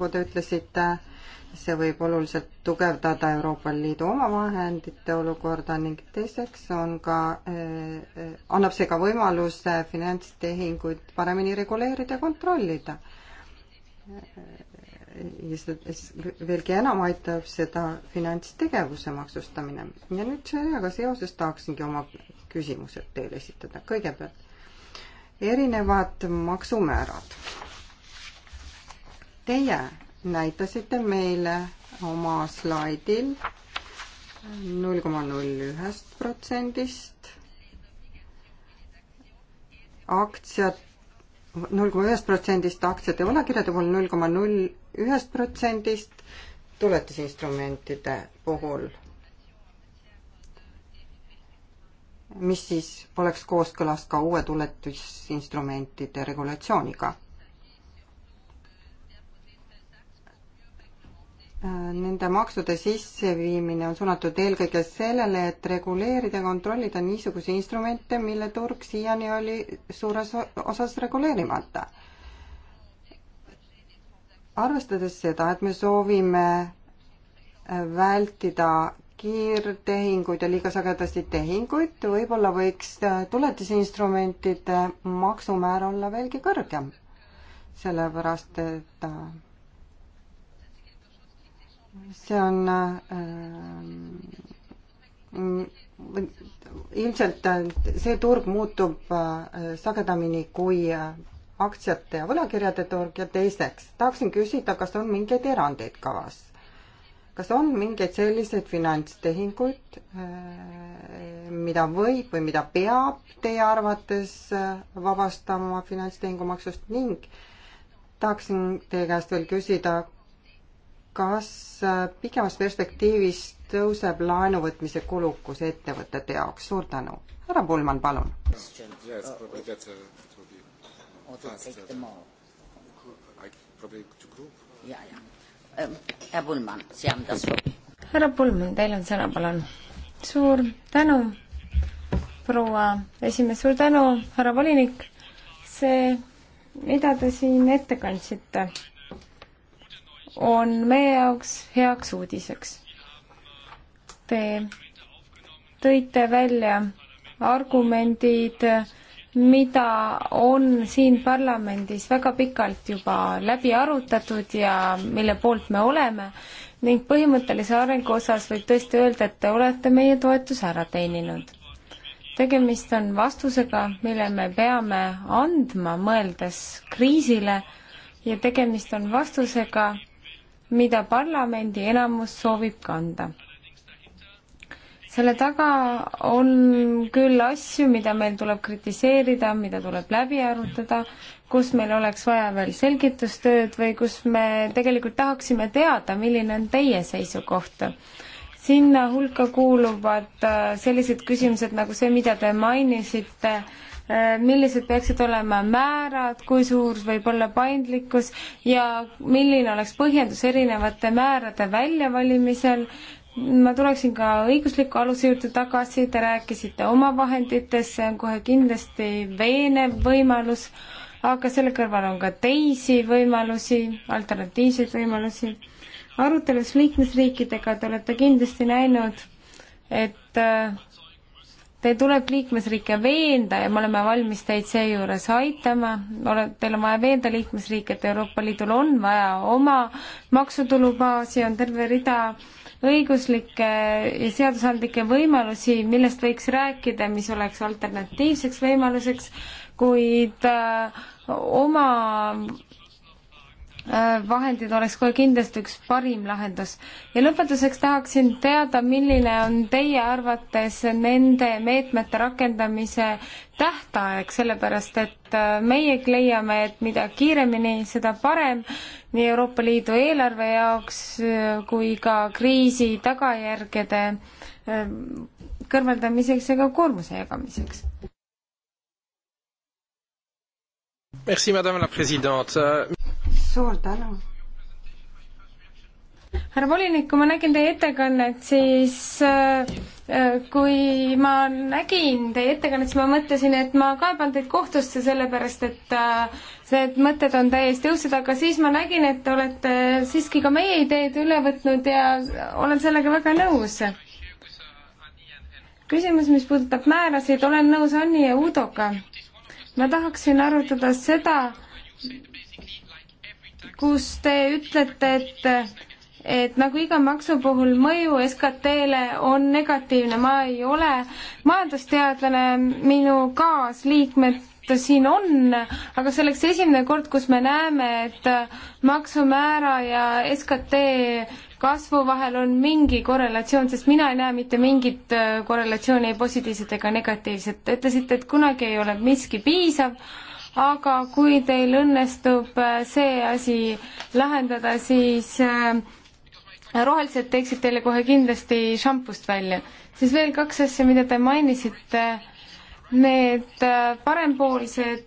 nagu te ütlesite, see võib oluliselt tugevdada Euroopa Liidu omavahendite olukorda ning teiseks on ka eh,, eh annab see ka võimaluse finantstehinguid paremini reguleerida ja kontrollida. ja seda veelgi enam aitab seda finantstegevuse maksustamine. ja nüüd sellega seoses tahaksingi oma küsimused teile esitada. kõigepealt erinevad maksumäärad Teie näitasite meile oma slaidil null koma null ühest protsendist aktsiat, null koma ühest protsendist aktsiate võlakirjade puhul, null koma null ühest protsendist tuletisinstrumentide puhul, mis siis oleks kooskõlas ka uue tuletisinstrumentide regulatsiooniga Äh, nende maksude sisseviimine on suunatud eelkõige sellele, et reguleerida ja kontrollida niisuguseid instrumente, mille turg siiani oli suures osas reguleerimata. arvestades seda, et me soovime äh, vältida kiirtehinguid ja liiga sagedasti tehinguid, võib-olla võiks äh, tuletisinstrumentide maksumäär olla veelgi kõrgem, sellepärast et see on äh, ilmselt äh, see turg muutub äh, sagedamini kui äh, aktsiate ja võlakirjade turg ja teiseks tahaksin küsida, kas on mingeid erandeid kavas? kas on mingeid selliseid finantstehinguid, äh, mida võib või mida peab teie arvates vabastama finantstehingumaksust ning tahaksin teie käest veel küsida, kas äh, pikemas perspektiivis tõuseb laenuvõtmise kulukus ettevõtete jaoks? suur tänu. härra Pullmann, palun. härra Pullmann, teil on sõna, palun. suur tänu, proua esimees, suur tänu, härra volinik. see, mida te siin ette kandsite on meie jaoks heaks uudiseks. Te tõite välja argumendid, mida on siin parlamendis väga pikalt juba läbi arutatud ja mille poolt me oleme ning põhimõttelise arengu osas võib tõesti öelda, et te olete meie toetuse ära teeninud. tegemist on vastusega, mille me peame andma, mõeldes kriisile ja tegemist on vastusega, mida parlamendi enamus soovib kanda. selle taga on küll asju, mida meil tuleb kritiseerida, mida tuleb läbi arutada, kus meil oleks vaja veel selgitustööd või kus me tegelikult tahaksime teada, milline on teie seisukoht. sinna hulka kuuluvad äh, sellised küsimused nagu see, mida te mainisite, Äh, millised peaksid olema määrad, kui suur võib olla paindlikkus ja milline oleks põhjendus erinevate määrade väljavalimisel. ma tuleksin ka õigusliku aluse juurde tagasi, te rääkisite omavahenditest, see on kohe kindlasti veenev võimalus, aga selle kõrval on ka teisi võimalusi, alternatiivseid võimalusi. arutelus liikmesriikidega te olete kindlasti näinud, et äh, Teil tuleb liikmesriike veenda ja me oleme valmis teid seejuures aitama, ole, teil on vaja veenda liikmesriike, et Euroopa Liidul on vaja oma maksutulubaasi, on terve rida õiguslikke ja seadusandlikke võimalusi, millest võiks rääkida, mis oleks alternatiivseks võimaluseks, kuid äh, oma Äh, vahendid oleks kohe kindlasti üks parim lahendus. ja lõpetuseks tahaksin teada, milline on teie arvates nende meetmete rakendamise tähtaeg, sellepärast et äh, meie leiame, et mida kiiremini, seda parem nii Euroopa Liidu eelarve jaoks äh, kui ka kriisi tagajärgede kõrvaldamiseks ja ka koormuse jagamiseks. Merci Madame la Présidente suur tänu! härra volinik, kui ma nägin teie ettekannet, siis äh, äh, kui ma nägin teie ettekannet, siis ma mõtlesin, et ma kaeban teid kohtusse, sellepärast et äh, need mõtted on täiesti õudsed, aga siis ma nägin, et te olete siiski ka meie ideed üle võtnud ja olen sellega väga nõus. küsimus, mis puudutab määrasid, olen nõus Anni ja Uudoga. ma tahaksin arutada seda, kus te ütlete, et et nagu iga maksu puhul mõju SKT-le on negatiivne, ma ei ole majandusteadlane, minu kaasliikmed siin on, aga see oleks esimene kord, kus me näeme, et maksumäära ja SKT kasvu vahel on mingi korrelatsioon, sest mina ei näe mitte mingit äh, korrelatsiooni ei positiivset ega negatiivset. ütlesite, et kunagi ei ole miski piisav aga kui teil õnnestub äh, see asi lahendada, siis äh, rohelised teeksid teile kohe kindlasti šampust välja. siis veel kaks asja, mida te mainisite need äh, parempoolsed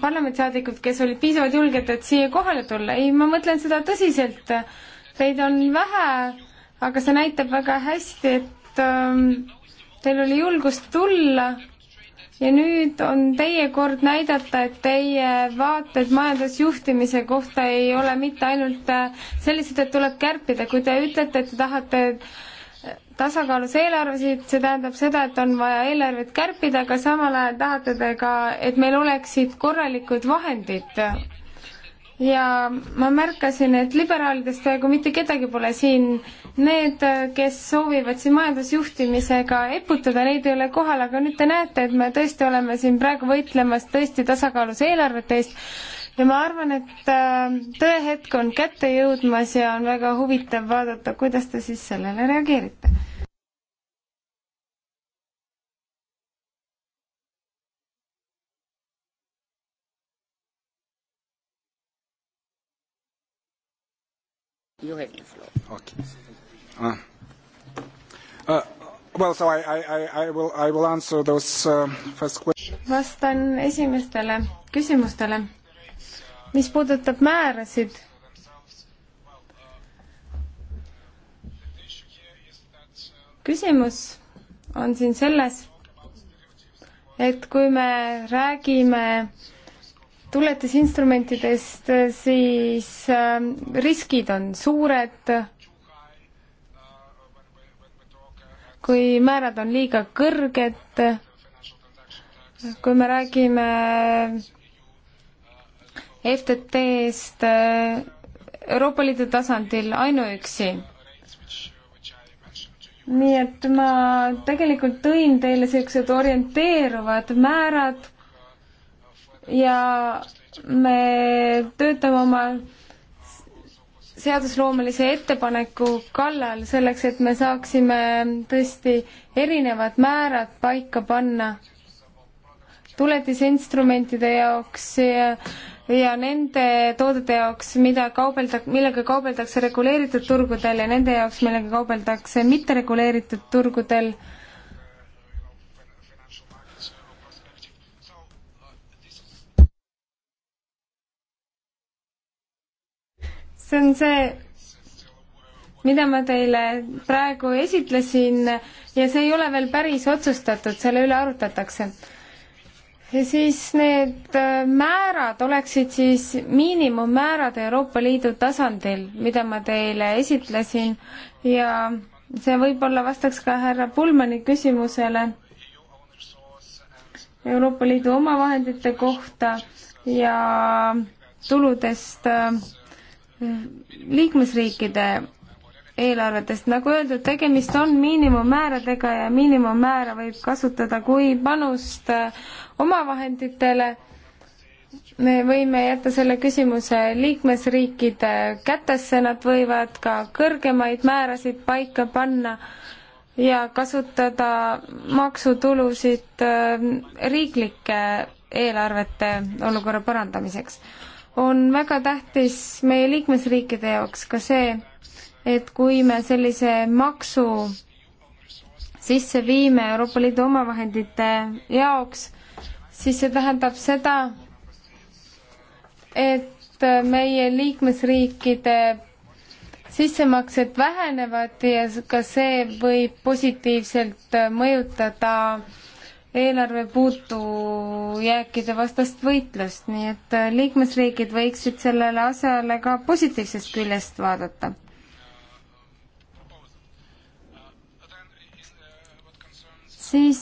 parlamendisaadikud, kes olid piisavalt julged, et siia kohale tulla, ei, ma mõtlen seda tõsiselt. Teid on vähe, aga see näitab väga hästi, et ähm, teil oli julgust tulla ja nüüd on teie kord näidata, et teie vaated majandusjuhtimise kohta ei ole mitte ainult äh, sellised, et tuleb kärpida, kui te ütlete, et te tahate äh, tasakaalus eelarvesid, see tähendab seda, et on vaja eelarvet kärpida, aga samal ajal tahate te ka, et meil oleksid korralikud vahendid ja ma märkasin, et liberaalidest peaaegu mitte kedagi pole siin. Need, kes soovivad siin majandusjuhtimisega eputada, neid ei ole kohal, aga nüüd te näete, et me tõesti oleme siin praegu võitlemas tõesti tasakaalus eelarvete eest ja ma arvan, et äh, tõehetk on kätte jõudmas ja on väga huvitav vaadata, kuidas te siis sellele reageerite You have the floor. Okay. Uh, uh, well, so I, I, I, will, I will answer those uh, first questions. vastan esimestele küsimustele. mis puudutab määrasid, küsimus on siin selles, et kui me räägime äh, tuletisinstrumentidest, eh, siis eh, riskid on suured, kui määrad on liiga kõrged, kui me räägime FTT-st eh, Euroopa Liidu tasandil ainuüksi. nii et ma tegelikult tõin teile niisugused orienteeruvad määrad, ja me töötame oma seadusloomelise ettepaneku kallal selleks, et me saaksime tõesti erinevad määrad paika panna tuletisinstrumentide jaoks ja, ja nende toodete jaoks, mida kaubelda, millega kaubeldakse reguleeritud turgudel ja nende jaoks, millega kaubeldakse mittereguleeritud turgudel see on see, mida ma teile praegu esitlesin ja see ei ole veel päris otsustatud, selle üle arutatakse. ja siis need äh, määrad oleksid siis miinimummäärad Euroopa Liidu tasandil, mida ma teile esitlesin ja see võib-olla vastaks ka härra Pulmani küsimusele Euroopa Liidu omavahendite kohta ja tuludest äh, liikmesriikide eelarvetest, nagu öeldud, tegemist on miinimummääradega ja miinimummäära võib kasutada kui panust äh, omavahenditele. me võime jätta selle küsimuse liikmesriikide kätesse, nad võivad ka kõrgemaid määrasid paika panna ja kasutada maksutulusid äh, riiklike eelarvete olukorra parandamiseks on väga tähtis meie liikmesriikide jaoks ka see, et kui me sellise maksu sisse viime Euroopa Liidu omavahendite jaoks, siis see tähendab seda, et meie liikmesriikide sissemaksed vähenevad ja ka see võib positiivselt mõjutada äh, eelarve puutujääkide vastast võitlust, nii et äh, liikmesriigid võiksid sellele asjale ka positiivsest küljest vaadata. siis,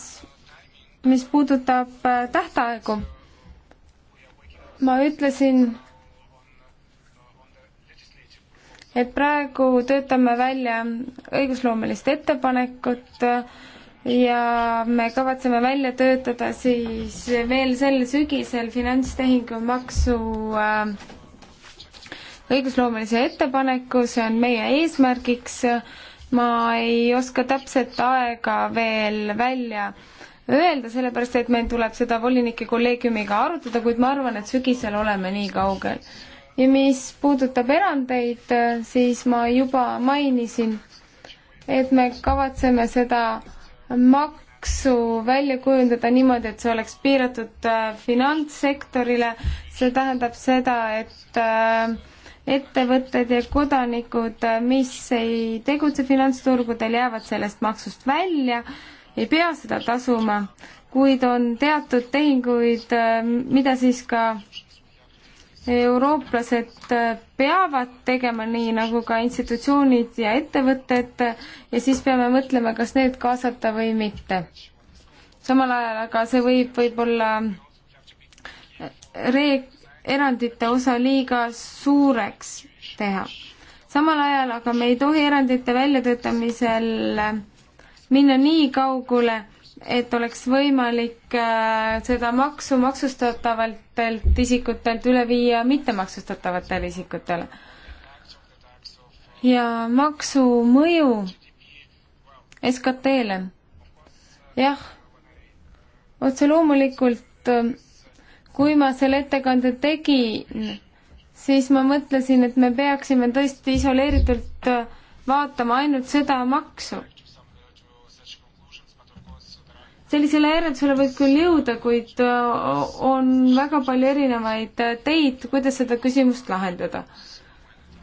mis puudutab äh, tähtaegu, ma ütlesin, et praegu töötame välja õigusloomelist ettepanekut äh, ja me kavatseme välja töötada siis veel sel sügisel finantstehingumaksu äh, õigusloomelise ettepaneku, see on meie eesmärgiks. ma ei oska täpset aega veel välja öelda, sellepärast et meil tuleb seda volinike kolleegiumiga arutada, kuid ma arvan, et sügisel oleme nii kaugel. ja mis puudutab erandeid, äh, siis ma juba mainisin, et me kavatseme seda maksu välja kujundada niimoodi, et see oleks piiratud äh, finantssektorile, see tähendab seda, et äh, ettevõtted ja kodanikud, äh, mis ei tegutse finantsturgudel, jäävad sellest maksust välja, ei pea seda tasuma, kuid on teatud tehinguid, mida siis ka eurooplased peavad tegema nii, nagu ka institutsioonid ja ettevõtted ja siis peame mõtlema, kas need kaasata või mitte. samal ajal aga see võib võib-olla reeg-, erandite osa liiga suureks teha. samal ajal aga me ei tohi erandite väljatöötamisel minna nii kaugule, et oleks võimalik äh, seda maksu maksustatavatelt isikutelt üle viia mittemaksustatavatele isikutele. ja maksu mõju SKT-le. jah, otse loomulikult, äh, kui ma selle ettekande tegin, siis ma mõtlesin, et me peaksime tõesti isoleeritult äh, vaatama ainult seda maksu sellisele järeldusele võib küll jõuda, kuid äh, on väga palju erinevaid äh, teid, kuidas seda küsimust lahendada.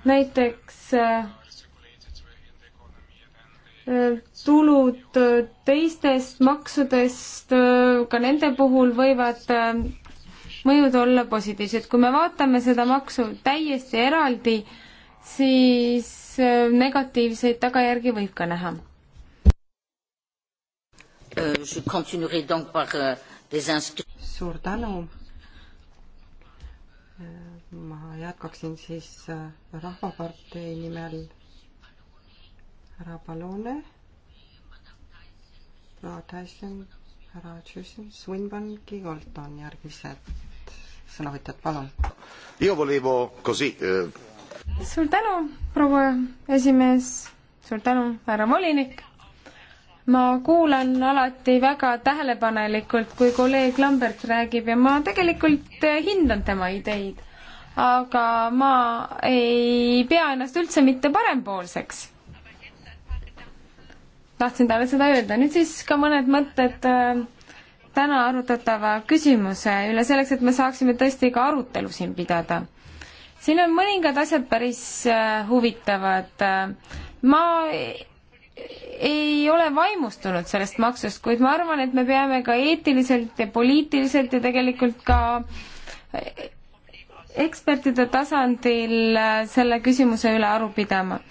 näiteks äh, tulud teistest maksudest, ka nende puhul võivad mõjud olla positiivsed. kui me vaatame seda maksu täiesti eraldi, siis negatiivseid tagajärgi võib ka näha Euh, je continuerai donc par euh, des instru-. suur tänu. Äh, ma jätkaksin siis äh, Rahvapartei nimel härra Palone, proua Tyson, härra Tšüssin, Swinburne, Kigolt on järgmised sõnavõtjad, palun. Io volevo così eh.... suur tänu, proua esimees, suur tänu, härra volinik ma kuulan alati väga tähelepanelikult, kui kolleeg Lambert räägib ja ma tegelikult hindan tema ideid. aga ma ei pea ennast üldse mitte parempoolseks. tahtsin talle seda öelda, nüüd siis ka mõned mõtted äh, täna arutatava küsimuse üle, selleks et me saaksime tõesti ka arutelu siin pidada. siin on mõningad asjad päris äh, huvitavad. Äh, ma ei ole vaimustunud sellest maksust, kuid ma arvan, et me peame ka eetiliselt ja poliitiliselt ja tegelikult ka eh, ekspertide tasandil eh, selle küsimuse üle aru pidama.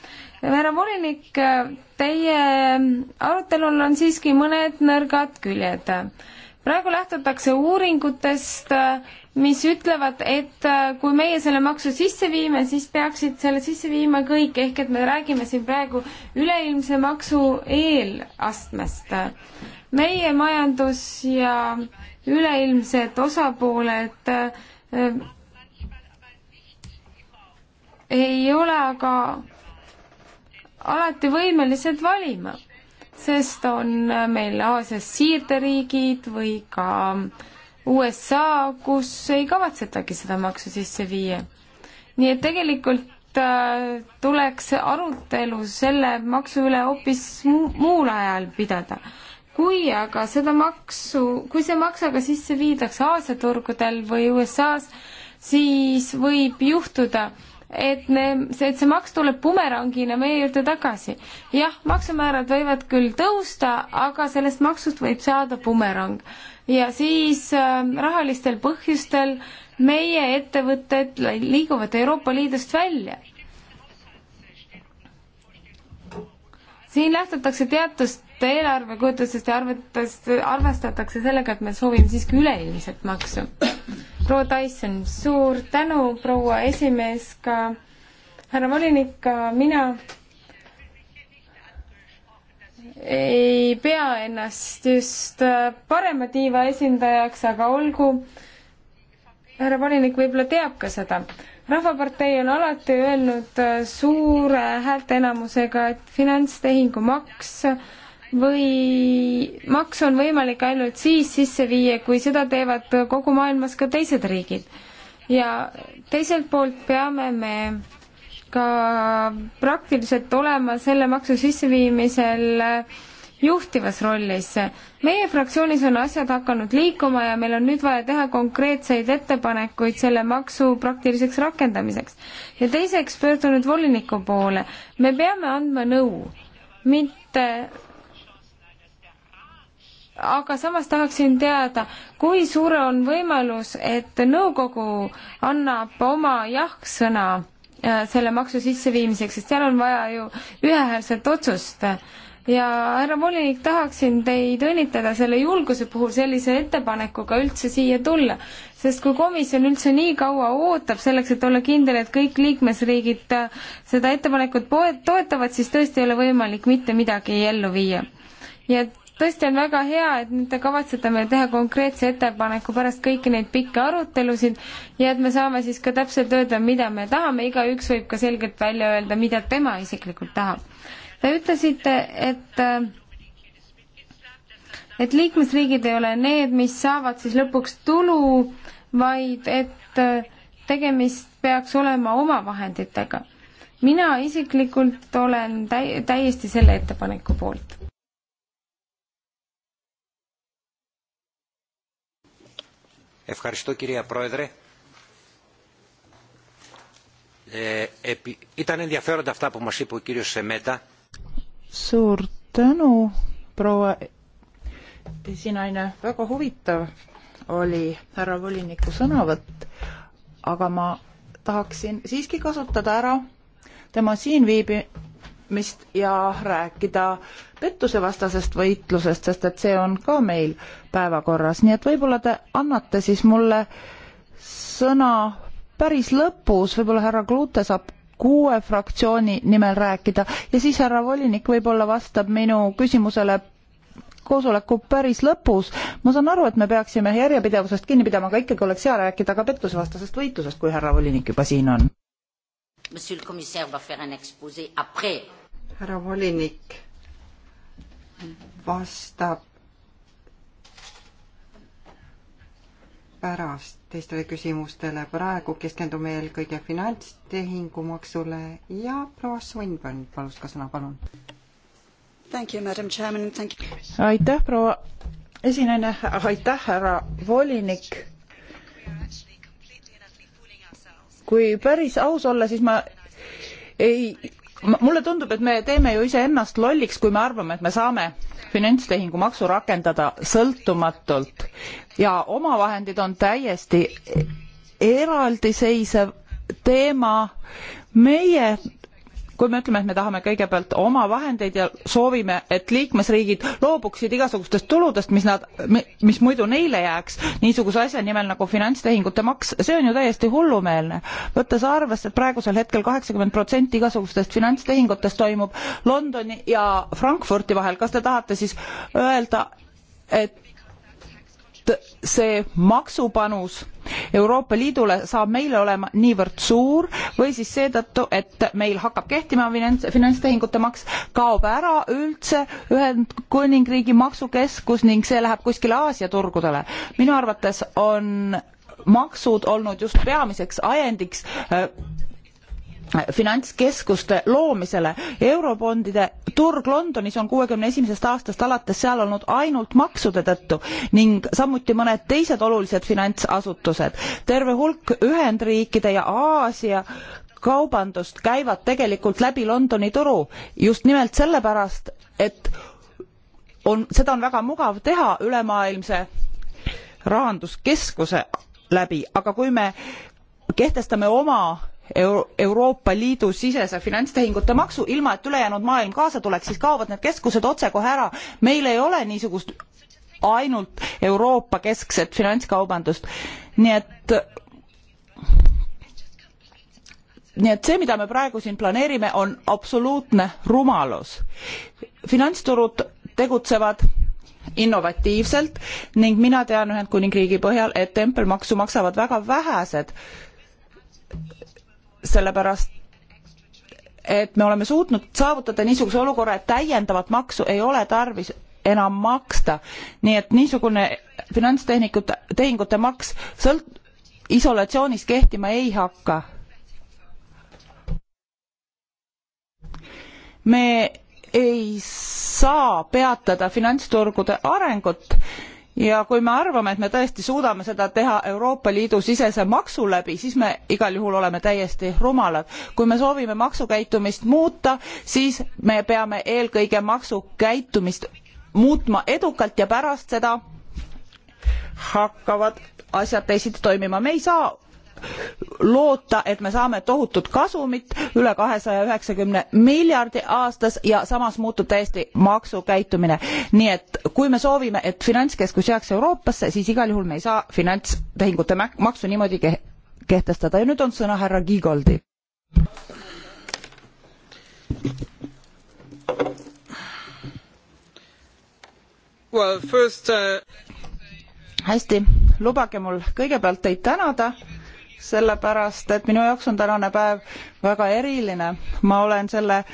härra volinik, eh, teie arutelul on siiski mõned nõrgad küljed praegu lähtutakse uuringutest, mis ütlevad, et äh, kui meie selle maksu sisse viime, siis peaksid selle sisse viima kõik, ehk et me räägime siin praegu üleilmse maksu eelastmest. meie majandus ja üleilmsed osapooled äh, ei ole aga alati võimelised valima sest on meil Aasias siirderiigid või ka USA, kus ei kavatsetagi seda maksu sisse viia. nii et tegelikult äh, tuleks arutelu selle maksu üle hoopis mu muul ajal pidada. kui aga seda maksu, kui see maks aga sisse viidakse Aasia turgudel või USA-s, siis võib juhtuda, et me, see, et see maks tuleb bumerangina meie juurde tagasi. jah, maksumäärad võivad küll tõusta, aga sellest maksust võib saada bumerang. ja siis äh, rahalistel põhjustel meie ettevõtted liiguvad Euroopa Liidust välja. siin lähtutakse teatust eelarvekujutusest ja arvatast, arvestatakse sellega, et me soovime siiski üleilmset maksu proua Tyson, suur tänu, proua esimees, ka härra volinik, ka mina ei pea ennast just parema tiiva esindajaks, aga olgu, härra volinik võib-olla teab ka seda. rahvapartei on alati öelnud suure häälteenamusega, et finantstehingumaks või maks on võimalik ainult siis sisse viia, kui seda teevad kogu maailmas ka teised riigid. ja teiselt poolt peame me ka praktiliselt olema selle maksu sisseviimisel juhtivas rollis. meie fraktsioonis on asjad hakanud liikuma ja meil on nüüd vaja teha konkreetseid ettepanekuid selle maksu praktiliseks rakendamiseks. ja teiseks pöördunud voliniku poole, me peame andma nõu, mitte aga samas tahaksin teada, kui suur on võimalus, et nõukogu annab oma jah-sõna äh, selle maksu sisseviimiseks, sest seal on vaja ju ühehäälset otsust. ja härra volinik, tahaksin teid õnnitleda selle julguse puhul sellise ettepanekuga üldse siia tulla, sest kui komisjon üldse nii kaua ootab selleks, et olla kindel, et kõik liikmesriigid äh, seda ettepanekut poe-, toetavad, siis tõesti ei ole võimalik mitte midagi ellu viia. ja tõesti on väga hea, et nüüd te kavatsete meil teha konkreetse ettepaneku pärast kõiki neid pikki arutelusid ja et me saame siis ka täpselt öelda, mida me tahame, igaüks võib ka selgelt välja öelda, mida tema isiklikult tahab. Te ütlesite, et et liikmesriigid ei ole need, mis saavad siis lõpuks tulu, vaid et tegemist peaks olema omavahenditega. mina isiklikult olen täi-, täiesti selle ettepaneku poolt Ευχαριστώ κυρία Πρόεδρε. Ε, επί... Ήταν ενδιαφέροντα αυτά που μας είπε ο κύριος Σεμέτα. Suur tänu, proua esinaine. Väga huvitav oli härra voliniku sõnavõtt, aga ma tahaksin siiski kasutada ära tema siin viibimist ja rääkida äh, pettusevastasest võitlusest, sest et see on ka meil päevakorras, nii et võib-olla te annate siis mulle sõna päris lõpus, võib-olla härra Klute saab kuue fraktsiooni nimel rääkida ja siis härra volinik võib-olla vastab minu küsimusele koosoleku päris lõpus. ma saan aru, et me peaksime järjepidevusest kinni pidama, aga ikkagi oleks hea rääkida ka pettusevastasest võitlusest, kui härra volinik juba siin on. härra volinik vastab pärast teistele küsimustele. praegu keskendume eelkõige finantstehingumaksule ja proua Swinburne palus ka sõna, palun. aitäh, proua esinejana, aitäh, härra volinik. kui päris aus olla, siis ma ei mulle tundub, et me teeme ju iseennast lolliks, kui me arvame, et me saame finantstehingumaksu rakendada sõltumatult ja omavahendid on täiesti eraldiseisev teema. meie kui me ütleme, et me tahame kõigepealt oma vahendeid ja soovime, et liikmesriigid loobuksid igasugustest tuludest, mis nad, mis muidu neile jääks, niisuguse asja nimel nagu finantstehingute maks, see on ju täiesti hullumeelne. võttes arvesse, et praegusel hetkel kaheksakümmend protsenti igasugustest finantstehingutest toimub Londoni ja Frankfurti vahel, kas te tahate siis öelda, et see maksupanus Euroopa Liidule saab meile olema niivõrd suur või siis seetõttu, et meil hakkab kehtima finants, finantstehingute maks, kaob ära üldse Ühendkuningriigi maksukeskus ning see läheb kuskile Aasia turgudele. minu arvates on maksud olnud just peamiseks ajendiks äh, finantskeskuste loomisele. eurobondide turg Londonis on kuuekümne esimesest aastast alates seal olnud ainult maksude tõttu ning samuti mõned teised olulised finantsasutused. terve hulk Ühendriikide ja Aasia kaubandust käivad tegelikult läbi Londoni turu just nimelt sellepärast, et on, seda on väga mugav teha ülemaailmse rahanduskeskuse läbi, aga kui me kehtestame oma Euro Euroopa Liidu sisese finantstehingute maksu, ilma et ülejäänud maailm kaasa tuleks, siis kaovad need keskused otsekohe ära. meil ei ole niisugust ainult Euroopa keskset finantskaubandust. nii et nii et see, mida me praegu siin planeerime, on absoluutne rumalus. finantsturud tegutsevad innovatiivselt ning mina tean Ühendkuningriigi põhjal, et tempelmaksu maksavad väga vähesed sellepärast et me oleme suutnud saavutada niisuguse olukorra, et täiendavat maksu ei ole tarvis enam maksta. nii et niisugune finantstehingute, tehingute maks sõlt-, isolatsioonis kehtima ei hakka. me ei saa peatada finantsturgude arengut ja kui me arvame et me tõesti suudame seda teha euroopa liidu sisese maksu läbi siis me igal juhul oleme täiesti rumalad kui me soovime maksukäitumist muuta siis me peame eelkõige maksukäitumist muutma edukalt ja pärast seda hakkavad asjad teisiti toimima me ei saa loota et me saame tohutut kasumit üle kahesaja üheksakümne miljardi aastas ja samas muutub täiesti maksukäitumine nii et kui me soovime et finantskeskus jääks euroopasse siis igal juhul me ei saa finantstehingute maksu niimoodi kehtestada ja nüüd on sõna härra Giegoldi. Well, first, uh... hästi lubage mul kõigepealt teid tänada sellepärast et minu jaoks on tänane päev väga eriline. ma olen selle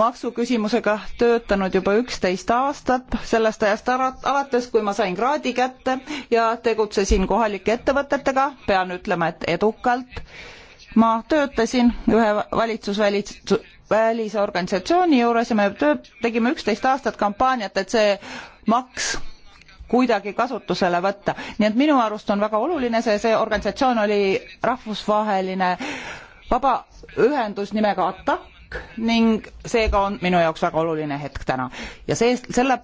maksuküsimusega töötanud juba üksteist aastat, sellest ajast alates, kui ma sain kraadi kätte ja tegutsesin kohalike ettevõtetega, pean ütlema, et edukalt. ma töötasin ühe valitsusvälits-, välisorganisatsiooni juures ja me töö-, tegime üksteist aastat kampaaniat, et see maks kuidagi kasutusele võtta. nii et minu arust on väga oluline see, see organisatsioon oli rahvusvaheline vabaühendus nimega ATTAK ning seega on minu jaoks väga oluline hetk täna ja see, selle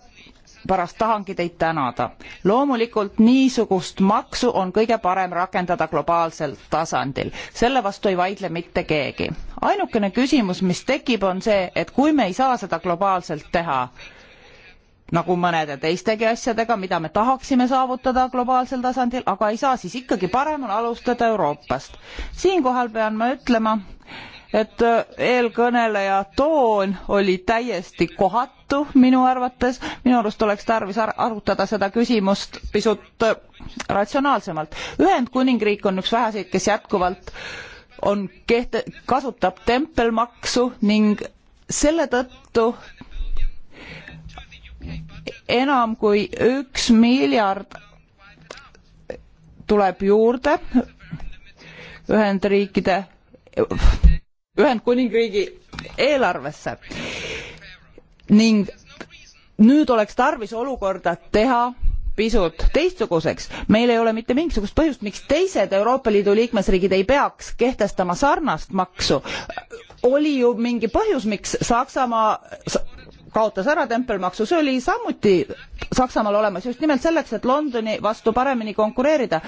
pärast tahangi teid tänada. loomulikult niisugust maksu on kõige parem rakendada globaalsel tasandil, selle vastu ei vaidle mitte keegi. ainukene küsimus, mis tekib, on see, et kui me ei saa seda globaalselt teha, nagu mõnede teistegi asjadega, mida me tahaksime saavutada globaalsel tasandil, aga ei saa, siis ikkagi parem on alustada Euroopast. siinkohal pean ma ütlema, et äh, eelkõneleja toon oli täiesti kohatu minu arvates, minu arust oleks tarvis ar arutada seda küsimust pisut äh, ratsionaalsemalt. Ühendkuningriik on üks väheseid, kes jätkuvalt on keht-, kasutab tempelmaksu ning selle tõttu enam kui üks miljard tuleb juurde Ühendriikide, Ühendkuningriigi eelarvesse ning nüüd oleks tarvis olukorda teha pisut teistsuguseks meil ei ole mitte mingisugust põhjust miks teised euroopa liidu liikmesriigid ei peaks kehtestama sarnast maksu oli ju mingi põhjus miks saksamaa kaotas ära tempelmaksu, see oli samuti Saksamaal olemas just nimelt selleks, et Londoni vastu paremini konkureerida.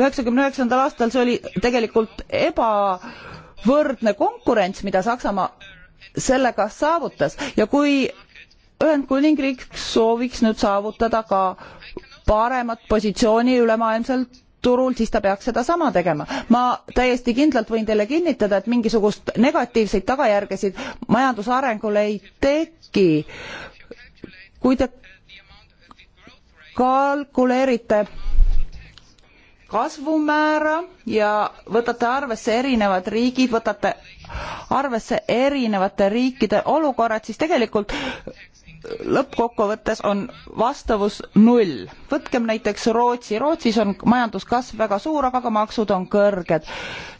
üheksakümne üheksandal aastal see oli tegelikult ebavõrdne konkurents, mida Saksamaa sellega saavutas ja kui Ühendkuningriik sooviks nüüd saavutada ka paremat positsiooni ülemaailmselt turult, siis ta peaks sedasama tegema. ma täiesti kindlalt võin teile kinnitada, et mingisugust negatiivseid tagajärgesid majanduse arengule ei teki. kui te kalkuleerite kasvumäära ja võtate arvesse erinevad riigid, võtate arvesse erinevate riikide olukorrad, siis tegelikult lõppkokkuvõttes on vastavus null. võtkem näiteks Rootsi. Rootsis on majanduskasv väga suur, aga ka maksud on kõrged.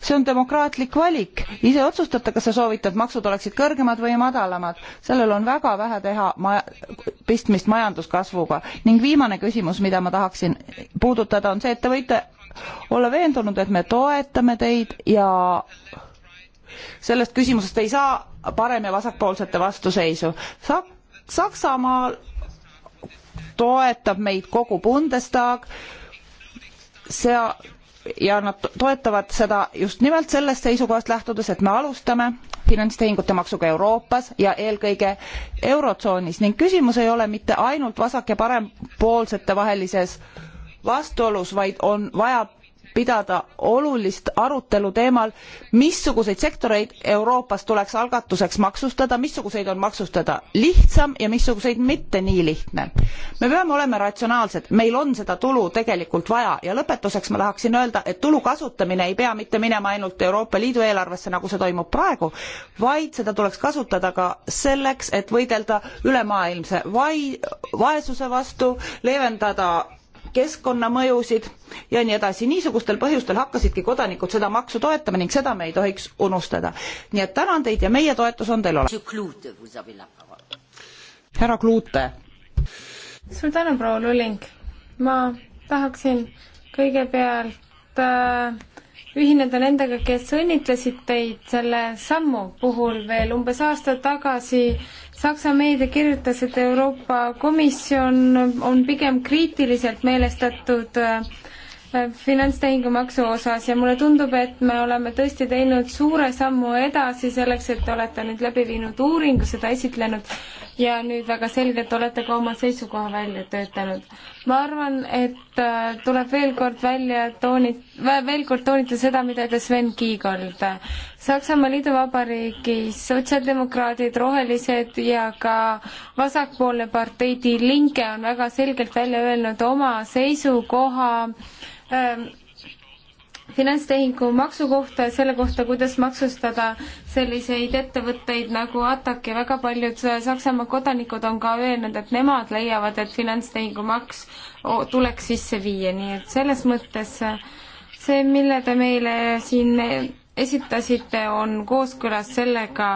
see on demokraatlik valik. ise otsustate, kas sa soovitad, maksud oleksid kõrgemad või madalamad. sellel on väga vähe teha maja, pistmist majanduskasvuga. ning viimane küsimus, mida ma tahaksin puudutada, on see, et te võite olla veendunud, et me toetame teid ja sellest küsimusest ei saa parem- ja vasakpoolsete vastuseisu. Sak-, Saksamaal toetab meid kogu Bundestag sea ja nad toetavad seda just nimelt sellest seisukohast lähtudes, et me alustame finantstehingute maksuga Euroopas ja eelkõige Eurotsoonis ning küsimus ei ole mitte ainult vasak- ja parempoolsete vahelises vastuolus, vaid on vaja pidada olulist arutelu teemal missuguseid sektoreid euroopas tuleks algatuseks maksustada missuguseid on maksustada lihtsam ja missuguseid mitte nii lihtne. me peame olema ratsionaalsed meil on seda tulu tegelikult vaja ja lõpetuseks ma tahaksin öelda et tulu kasutamine ei pea mitte minema ainult euroopa liidu eelarvesse nagu see toimub praegu vaid seda tuleks kasutada ka selleks et võidelda ülemaailmse vai- vaesuse vastu leevendada keskkonnamõjusid ja nii edasi. niisugustel põhjustel hakkasidki kodanikud seda maksu toetama ning seda me ei tohiks unustada. nii et tänan teid ja meie toetus on teil olemas. härra Kluute. suur tänu, proua Luling. ma tahaksin kõigepealt äh, ühineda nendega, kes õnnitlesid teid selle sammu puhul veel umbes aasta tagasi äh, Saksa meedia kirjutas, et Euroopa Komisjon on pigem kriitiliselt meelestatud äh, finantstehingumaksu osas ja mulle tundub, et me oleme tõesti teinud suure sammu edasi selleks, et te olete nüüd läbi viinud uuringu, seda esitlenud ja nüüd väga selgelt olete ka oma seisukoha välja töötanud. ma arvan, et äh, tuleb veel kord välja toonit-, veel kord toonitada seda, mida ütles Sven Kiigold. Saksamaa Liiduvabariigis sotsiaaldemokraadid, rohelised ja ka vasakpoolne partei Die Linke on väga selgelt välja öelnud oma seisukoha ähm, finantstehingu maksu kohta ja selle kohta, kuidas maksustada selliseid ettevõtteid nagu ATAK ja väga paljud Saksamaa kodanikud on ka öelnud, et nemad leiavad, et finantstehingu maks tuleks sisse viia, nii et selles mõttes see, mille te meile siin esitasite, on kooskõlas sellega,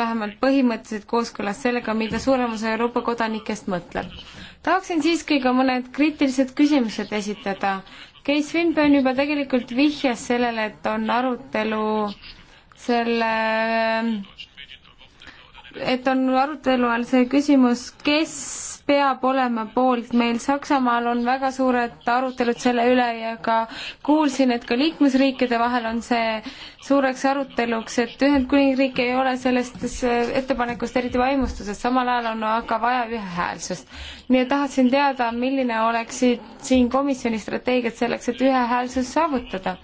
vähemalt põhimõtteliselt kooskõlas sellega, mida suurem osa Euroopa kodanikest mõtleb. tahaksin siiski ka mõned kriitilised küsimused esitada. Keis Finben juba tegelikult vihjas sellele, et on arutelu selle, et on arutelu all see küsimus, kes peab olema poolt. meil Saksamaal on väga suured arutelud selle üle ja ka kuulsin, et ka liikmesriikide vahel on see suureks aruteluks, et Ühendkuningriik ei ole sellest ettepanekust eriti vaimustuses, samal ajal on aga vaja ühehäälsust. nii et tahaksin teada, milline oleks siin komisjoni strateegiad selleks, et ühehäälsus saavutada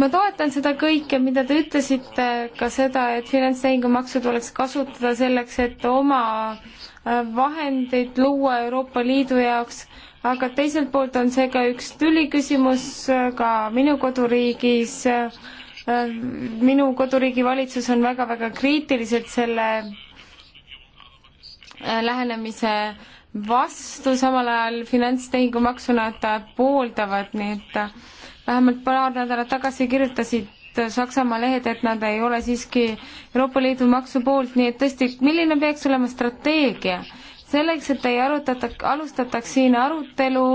ma toetan seda kõike, mida te ütlesite, ka seda, et finantstehingumaksu tuleks kasutada selleks, et oma äh, vahendeid luua Euroopa Liidu jaoks, aga teiselt poolt on see ka üks tüliküsimus äh, ka minu koduriigis. Äh, minu koduriigi valitsus on väga-väga kriitiliselt selle lähenemise vastu, samal ajal finantstehingumaksu nad pooldavad, nii et vähemalt paar nädalat tagasi kirjutasid Saksamaa lehed, et nad ei ole siiski Euroopa Liidu maksu poolt, nii et tõesti, milline peaks olema strateegia selleks, et ei arutata, alustataks siin arutelu,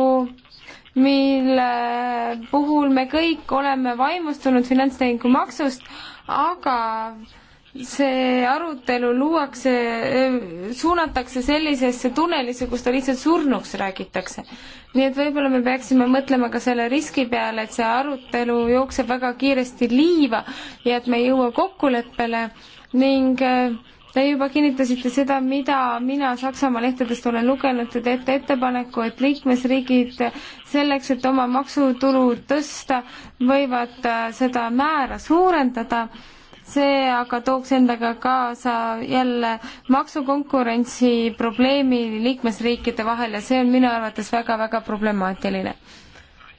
mille puhul me kõik oleme vaimustunud finantstehingu maksust, aga see arutelu luuakse, suunatakse sellisesse tunnelisse, kus ta lihtsalt surnuks räägitakse. nii et võib-olla me peaksime mõtlema ka selle riski peale, et see arutelu jookseb väga kiiresti liiva ja et me ei jõua kokkuleppele ning äh, Te juba kinnitasite seda, mida mina Saksamaa lehtedest olen lugenud, te teete ettepaneku, et liikmesriigid selleks, et oma maksutulu tõsta, võivad äh, seda määra suurendada see aga tooks endaga kaasa jälle maksukonkurentsi probleemi liikmesriikide vahel ja see on minu arvates väga-väga problemaatiline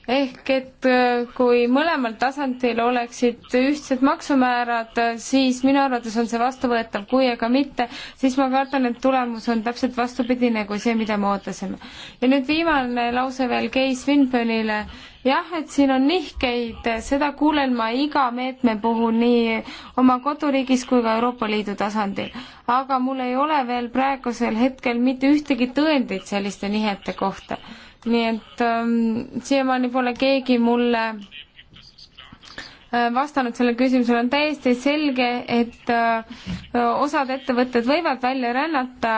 ehk et äh, kui mõlemal tasandil oleksid ühtsed maksumäärad, äh, siis minu arvates on see vastuvõetav, kui aga mitte, siis ma kardan, et tulemus on täpselt vastupidine kui see, mida me ootasime. ja nüüd viimane lause veel Keis Finbönile jah, et siin on nihkeid, äh, seda kuulen ma iga meetme puhul nii oma koduriigis kui ka Euroopa Liidu tasandil. aga mul ei ole veel praegusel hetkel mitte ühtegi tõendit selliste nihete kohta nii et ähm, siiamaani pole keegi mulle äh, vastanud sellele küsimusele, on täiesti selge, et äh, osad ettevõtted võivad välja rännata,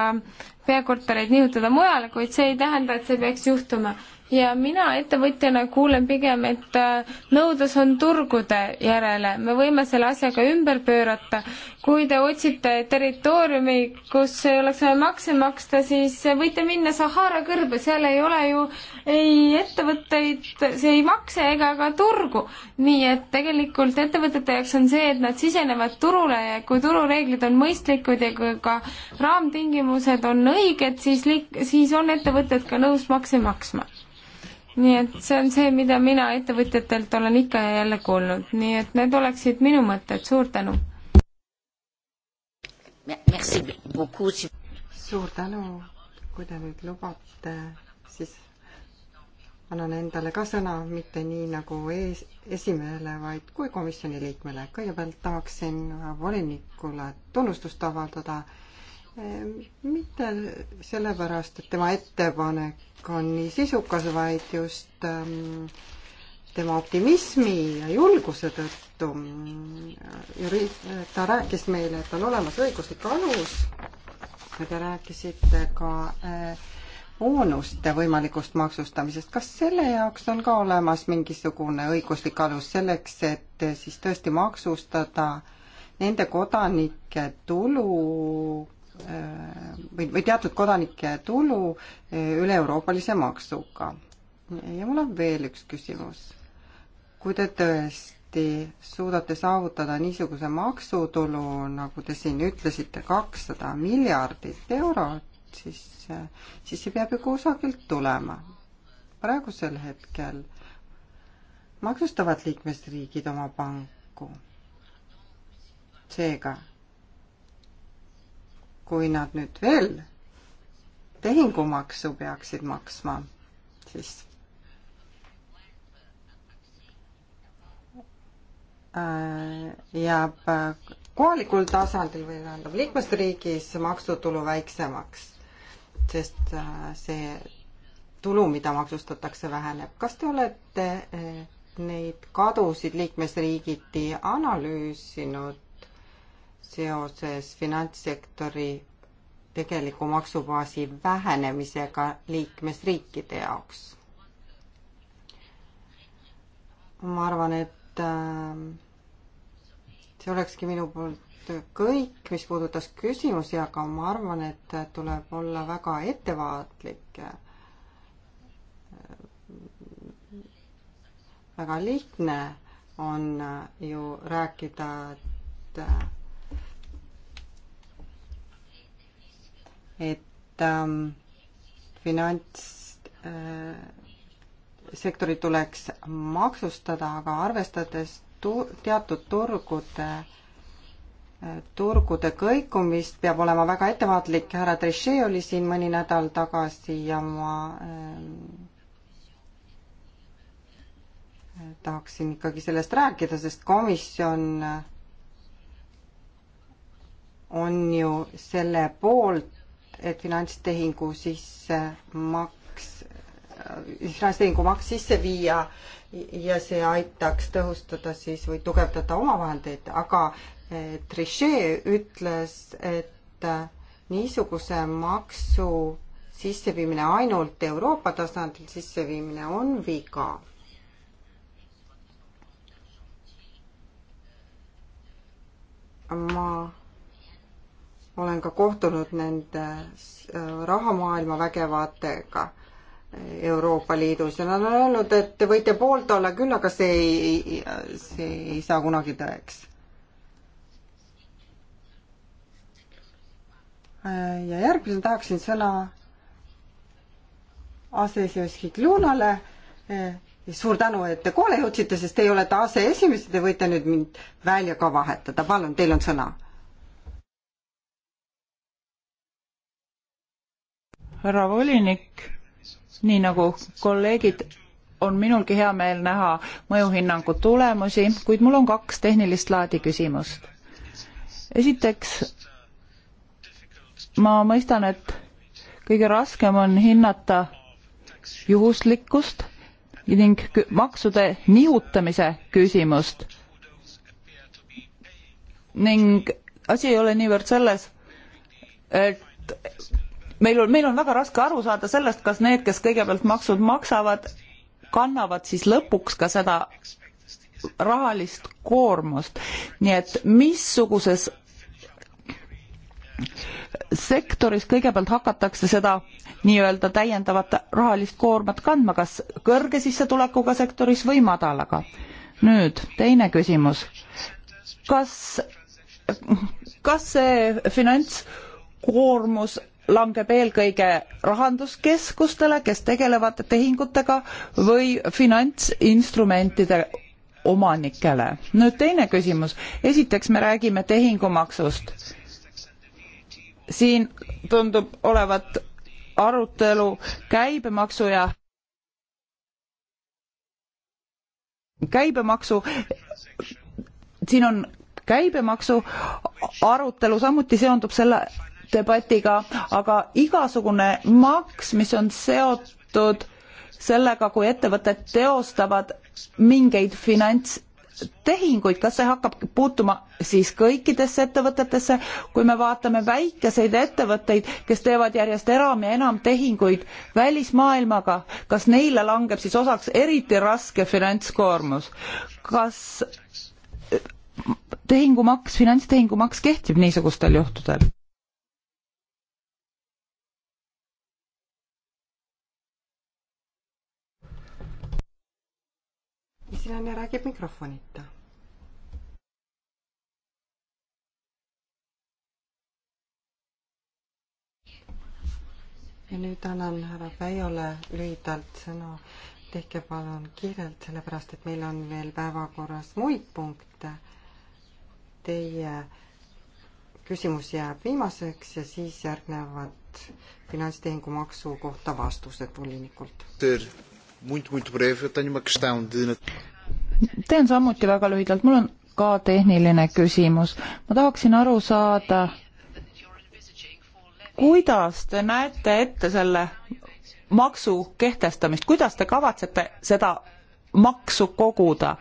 peakortereid nihutada mujale, kuid see ei tähenda, et see peaks juhtuma ja mina ettevõtjana kuulen pigem, et äh, nõudlus on turgude järele, me võime selle asjaga ümber pöörata. kui te otsite territooriumi, kus oleks vaja makse maksta, siis võite minna Sahara kõrbe, seal ei ole ju ei ettevõtteid, see ei makse ega ka turgu. nii et tegelikult ettevõtete jaoks on see, et nad sisenevad turule ja kui turureeglid on mõistlikud ja kui ka raamtingimused on õiged, siis liik-, siis on ettevõtted ka nõus makse maksma nii et see on see, mida mina ettevõtjatelt olen ikka ja jälle kuulnud, nii et need oleksid minu mõtted, suur tänu. suur tänu, kui te nüüd lubate, siis annan endale ka sõna, mitte nii nagu ees, esimehele, vaid kui komisjoni liikmele. kõigepealt tahaksin volinikule tunnustust avaldada äh, mitte sellepärast, et tema ettepanek on nii sisukas, vaid just ähm, tema optimismi ja julguse tõttu. ta rääkis meile, et on olemas õiguslik alus. Te rääkisite ka moonuste äh, võimalikust maksustamisest, kas selle jaoks on ka olemas mingisugune õiguslik alus selleks, et äh, siis tõesti maksustada nende kodanike tulu, või, või teatud kodanike tulu eh, üle-euroopalise maksuga. ja mul on veel üks küsimus. kui te tõesti suudate saavutada niisuguse maksutulu, nagu te siin ütlesite, kakssada miljardit eurot, siis, siis see peab ju kusagilt tulema. praegusel hetkel maksustavad liikmesriigid oma panku. seega kui nad nüüd veel tehingumaksu peaksid maksma, siis äh, jääb äh, kohalikul tasandil või tähendab liikmesriigis maksutulu väiksemaks, sest äh, see tulu, mida maksustatakse, väheneb. kas te olete neid kadusid liikmesriigiti analüüsinud? seoses finantssektori tegeliku maksubaasi vähenemisega liikmesriikide jaoks. ma arvan, et äh, see olekski minu poolt kõik, mis puudutas küsimusi, aga ma arvan, et tuleb olla väga ettevaatlik. Äh, väga lihtne on ju rääkida, et äh, et ähm, finantssektori äh, tuleks maksustada, aga arvestades tu-, teatud turgude äh, turgude kõikumist peab olema väga ettevaatlik, härra Trichet oli siin mõni nädal tagasi ja ma äh, tahaksin ikkagi sellest rääkida, sest komisjon on ju selle poolt, et finantstehingu sissemaks, finantstehingu maks sisse viia ja see aitaks tõhustada siis või tugevdada omavahendeid, aga eh, Trichet ütles, et eh, niisuguse maksu sisseviimine ainult Euroopa tasandil sisseviimine on viga. ma olen ka kohtunud nende rahamaailma vägevatega Euroopa Liidus ja nad on öelnud, et te võite poolt olla küll, aga see ei, see ei saa kunagi tõeks. ja järgmisena tahaksin sõna aseesimees Higlunale. suur tänu, et te kohale jõudsite, sest teie olete aseesimees ja te võite nüüd mind välja ka vahetada. palun, teil on sõna härra volinik, nii nagu kolleegid, on minulgi hea meel näha mõjuhinnangu tulemusi, kuid mul on kaks tehnilist laadi küsimust. esiteks, ma mõistan, et kõige raskem on hinnata juhuslikkust ning maksude nihutamise küsimust. ning asi ei ole niivõrd selles, et meil on, meil on väga raske aru saada sellest, kas need, kes kõigepealt maksud maksavad, kannavad siis lõpuks ka seda rahalist koormust. nii et missuguses sektoris kõigepealt hakatakse seda nii-öelda täiendavat rahalist koormat kandma, kas kõrge sissetulekuga sektoris või madalaga? nüüd teine küsimus. kas, kas see finantskoormus langeb eelkõige rahanduskeskustele, kes tegelevad tehingutega või finantsinstrumentide omanikele. nüüd teine küsimus. esiteks me räägime tehingumaksust. siin tundub olevat arutelu käibemaksu ja käibemaksu, siin on käibemaksu arutelu samuti seondub selle debatiga, aga igasugune maks, mis on seotud sellega, kui ettevõtted teostavad mingeid finants tehinguid, kas see hakkab puutuma siis kõikidesse ettevõtetesse, kui me vaatame väikeseid ettevõtteid, kes teevad järjest enam ja enam tehinguid välismaailmaga, kas neile langeb siis osaks eriti raske finantskoormus? kas eh, tehingumaks, finantstehingumaks kehtib niisugustel juhtudel? esinejana räägib mikrofonita. ja nüüd annan härra Väiole lühidalt sõna. tehke palun kiirelt, sellepärast et meil on veel päevakorras muid punkte. Teie küsimus jääb viimaseks ja siis järgnevad finantstehingumaksu kohta vastused volinikult teen samuti väga lühidalt, mul on ka tehniline küsimus. ma tahaksin aru saada, kuidas te näete ette selle maksu kehtestamist, kuidas te kavatsete seda maksu koguda?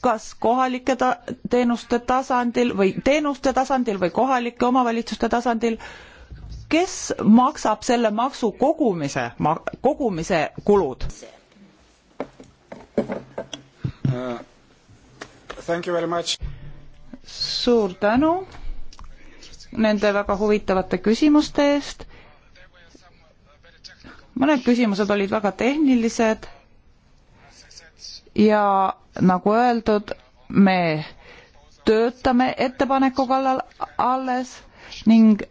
kas kohalike ta-, teenuste tasandil või teenuste tasandil või kohalike omavalitsuste tasandil äh, kes maksab selle maksu kogumise, kogumise kulud? Uh, suur tänu nende väga huvitavate küsimuste eest. mõned küsimused olid väga tehnilised ja nagu öeldud, me töötame ettepaneku kallal alles ning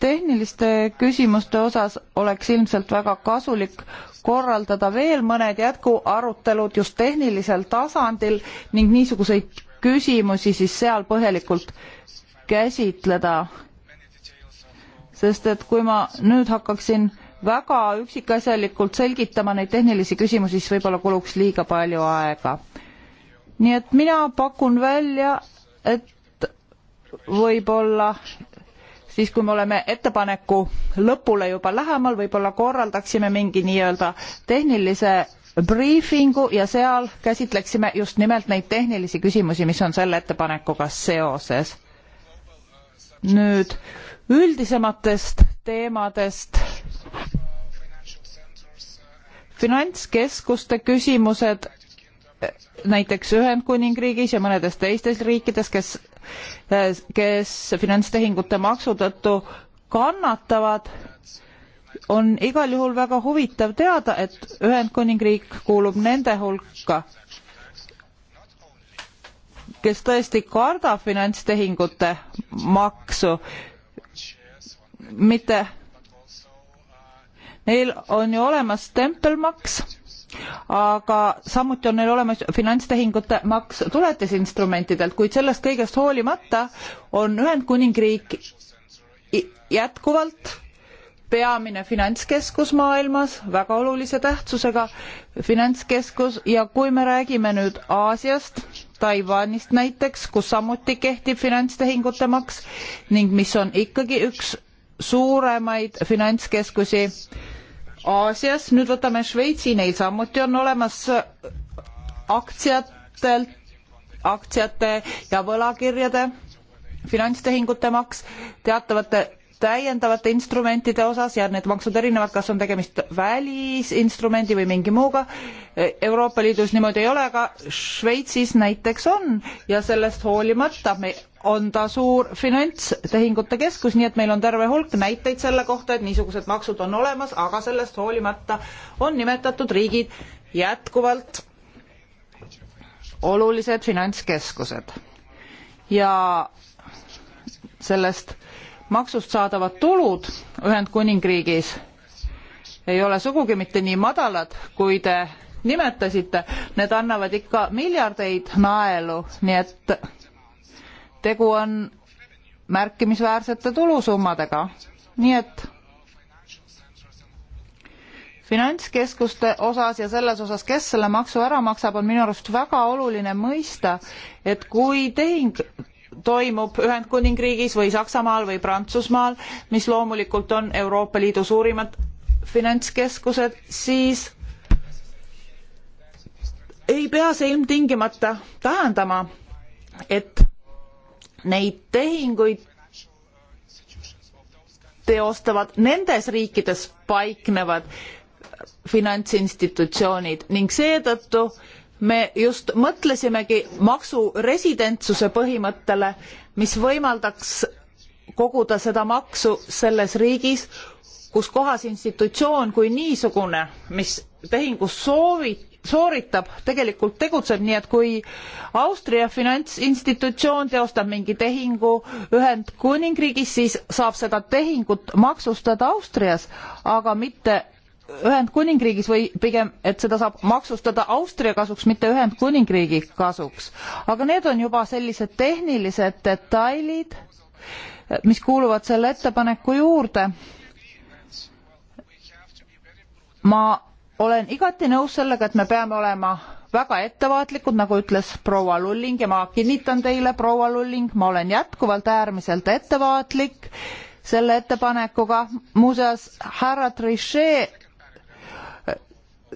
tehniliste küsimuste osas oleks ilmselt väga kasulik korraldada veel mõned jätkuarutelud just tehnilisel tasandil ning niisuguseid küsimusi siis seal põhjalikult käsitleda. sest et kui ma nüüd hakkaksin väga üksikasjalikult selgitama neid tehnilisi küsimusi, siis võib-olla kuluks liiga palju aega. nii et mina pakun välja, et võib-olla siis kui me oleme ettepaneku lõpule juba lähemal, võib-olla korraldaksime mingi nii-öelda tehnilise briifingu ja seal käsitleksime just nimelt neid tehnilisi küsimusi, mis on selle ettepanekuga seoses. nüüd üldisematest teemadest finantskeskuste küsimused näiteks Ühendkuningriigis ja mõnedes teistes riikides, kes, kes finantstehingute maksu tõttu kannatavad, on igal juhul väga huvitav teada, et Ühendkuningriik kuulub nende hulka, kes tõesti kardab finantstehingute maksu, mitte Neil on ju olemas tempelmaks aga samuti on neil olemas finantstehingute maks tuletisinstrumentidelt, kuid sellest kõigest hoolimata on Ühendkuningriik jätkuvalt peamine finantskeskus maailmas, väga olulise tähtsusega finantskeskus ja kui me räägime nüüd Aasiast, Taiwanist näiteks, kus samuti kehtib finantstehingute maks ning mis on ikkagi üks suuremaid finantskeskusi Aasias, nüüd võtame Šveitsi, neil samuti on olemas äh, aktsiatelt, aktsiate ja võlakirjade finantstehingute maks teatavate täiendavate instrumentide osas ja need maksud erinevad, kas on tegemist välisinstrumendi või mingi muuga. Euroopa Liidus niimoodi ei ole, aga Šveitsis näiteks on ja sellest hoolimata me, on ta suur finantstehingute keskus, nii et meil on terve hulk näiteid selle kohta, et niisugused maksud on olemas, aga sellest hoolimata on nimetatud riigid jätkuvalt olulised finantskeskused. ja sellest maksust saadavad tulud Ühendkuningriigis ei ole sugugi mitte nii madalad, kui te nimetasite, need annavad ikka miljardeid naelu, nii et tegu on märkimisväärsete tulusummadega. nii et finantskeskuste osas ja selles osas, kes selle maksu ära maksab, on minu arust väga oluline mõista, et kui tehing toimub Ühendkuningriigis või Saksamaal või Prantsusmaal, mis loomulikult on Euroopa Liidu suurimad finantskeskused, siis ei pea see ilmtingimata tähendama, et neid tehinguid teostavad nendes riikides paiknevad finantsinstitutsioonid ning seetõttu äh, me just mõtlesimegi maksuresidentsuse põhimõttele mis võimaldaks koguda seda maksu selles riigis kus kohas institutsioon kui niisugune mis tehingus soovib sooritab tegelikult tegutseb nii et kui austria finantsinstitutsioon teostab mingi tehingu ühendkuningriigis siis saab seda tehingut maksustada austrias aga mitte Ühendkuningriigis või pigem, et seda saab maksustada Austria kasuks, mitte Ühendkuningriigi kasuks. aga need on juba sellised tehnilised detailid, mis kuuluvad selle ettepaneku juurde. ma olen igati nõus sellega, et me peame olema väga ettevaatlikud, nagu ütles proua Lulling ja ma kinnitan teile, proua Lulling, ma olen jätkuvalt äärmiselt ettevaatlik selle ettepanekuga. muuseas, härra Trichet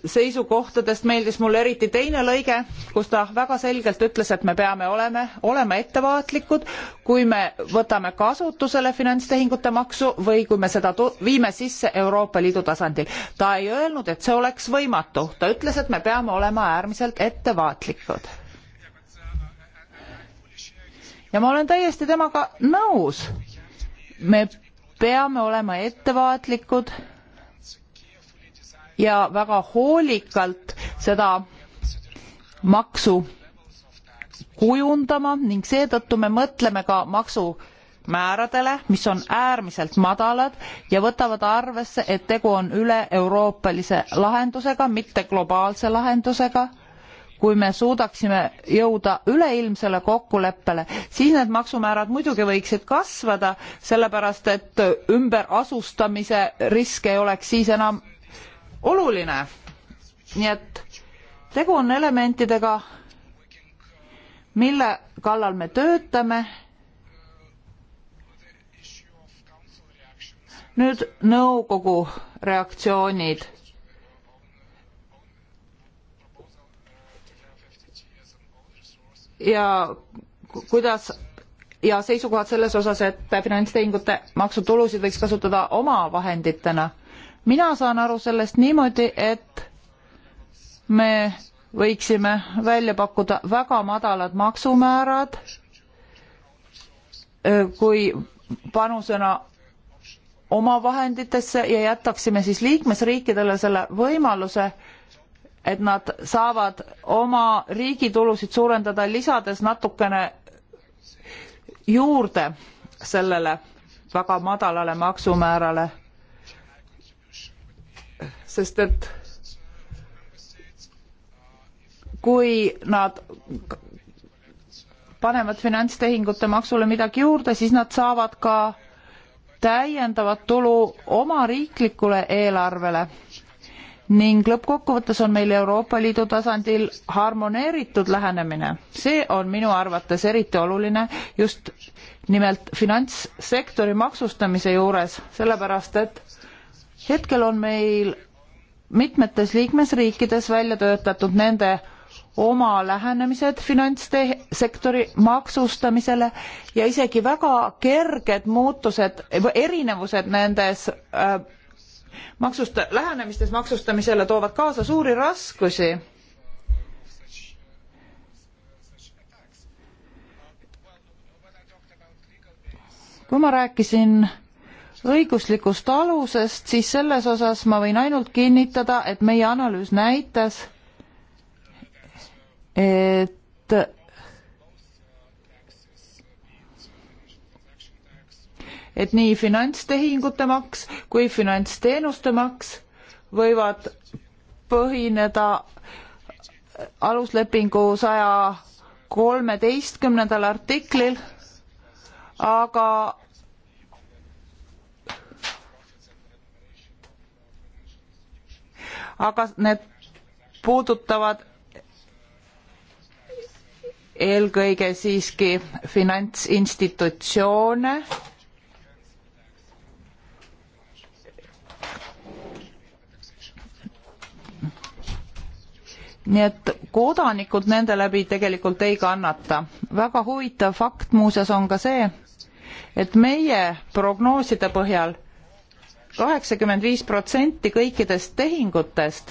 seisukohtadest meeldis mulle eriti teine lõige, kus ta väga selgelt ütles, et me peame olema, olema ettevaatlikud, kui me võtame kasutusele finantstehingute maksu või kui me seda viime sisse Euroopa Liidu tasandil. ta ei öelnud, et see oleks võimatu, ta ütles, et me peame olema äärmiselt ettevaatlikud. ja ma olen täiesti temaga nõus. me peame olema ettevaatlikud ja väga hoolikalt seda maksu kujundama ning seetõttu me mõtleme ka maksumääradele, mis on äärmiselt madalad ja võtavad arvesse, et tegu on üle-euroopalise lahendusega, mitte globaalse lahendusega. kui me suudaksime jõuda üleilmsele kokkuleppele, siis need maksumäärad muidugi võiksid kasvada, sellepärast et ümberasustamise risk ei oleks siis enam oluline. nii et tegu on elementidega, mille kallal me töötame. nüüd nõukogu reaktsioonid. ja kuidas ja seisukohad selles osas, et finantstehingute maksutulusid võiks kasutada omavahenditena mina saan aru sellest niimoodi, et me võiksime välja pakkuda väga madalad maksumäärad kui panusena omavahenditesse ja jätaksime siis liikmesriikidele selle võimaluse, et nad saavad oma riigi tulusid suurendada, lisades natukene juurde sellele väga madalale maksumäärale sest et kui nad panevad finantstehingute maksule midagi juurde, siis nad saavad ka täiendavat tulu oma riiklikule eelarvele ning lõppkokkuvõttes on meil Euroopa Liidu tasandil harmoneeritud lähenemine. see on minu arvates eriti oluline just nimelt finantssektori maksustamise juures, sellepärast et hetkel on meil mitmetes liikmesriikides välja töötatud nende oma lähenemised finantssektori maksustamisele ja isegi väga kerged muutused, erinevused nendes äh, maksust-, lähenemistes maksustamisele toovad kaasa suuri raskusi. kui ma rääkisin õiguslikust alusest, siis selles osas ma võin ainult kinnitada, et meie analüüs näitas, et et nii finantstehingute maks kui finantsteenuste maks võivad põhineda aluslepingu saja kolmeteistkümnendal artiklil, aga aga need puudutavad eelkõige siiski finantsinstitutsioone nii et kodanikud nende läbi tegelikult ei kannata. väga huvitav fakt muuseas on ka see, et meie prognooside põhjal kaheksakümmend viis protsenti kõikidest tehingutest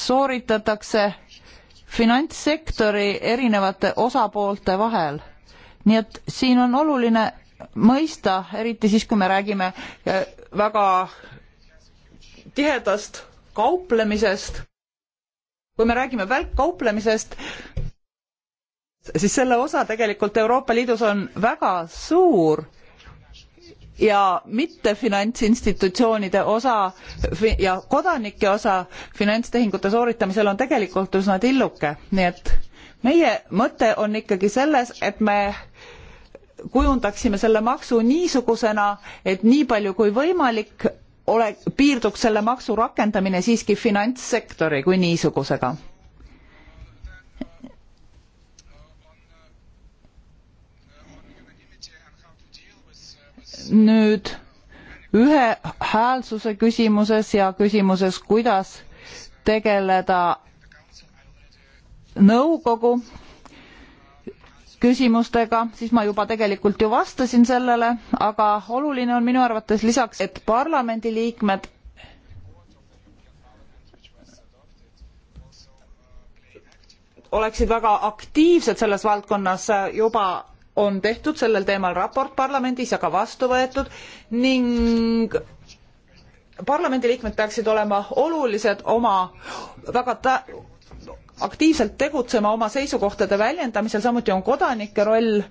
sooritatakse finantssektori erinevate osapoolte vahel. nii et siin on oluline mõista, eriti siis, kui me räägime äh, väga tihedast kauplemisest, kui me räägime välkkauplemisest, siis selle osa tegelikult Euroopa Liidus on väga suur ja mittefinantsinstitutsioonide osa ja kodanike osa finantstehingute sooritamisel on tegelikult üsna tilluke, nii et meie mõte on ikkagi selles, et me kujundaksime selle maksu niisugusena, et nii palju kui võimalik ole, piirduks selle maksu rakendamine siiski finantssektori kui niisugusega nüüd ühehäälsuse küsimuses ja küsimuses, kuidas tegeleda nõukogu küsimustega, siis ma juba tegelikult ju vastasin sellele, aga oluline on minu arvates lisaks, et parlamendiliikmed oleksid väga aktiivsed selles valdkonnas juba on tehtud sellel teemal raport parlamendis ja ka vastu võetud ning parlamendiliikmed peaksid olema olulised oma väga ta- aktiivselt tegutsema oma seisukohtade väljendamisel, samuti on kodanike roll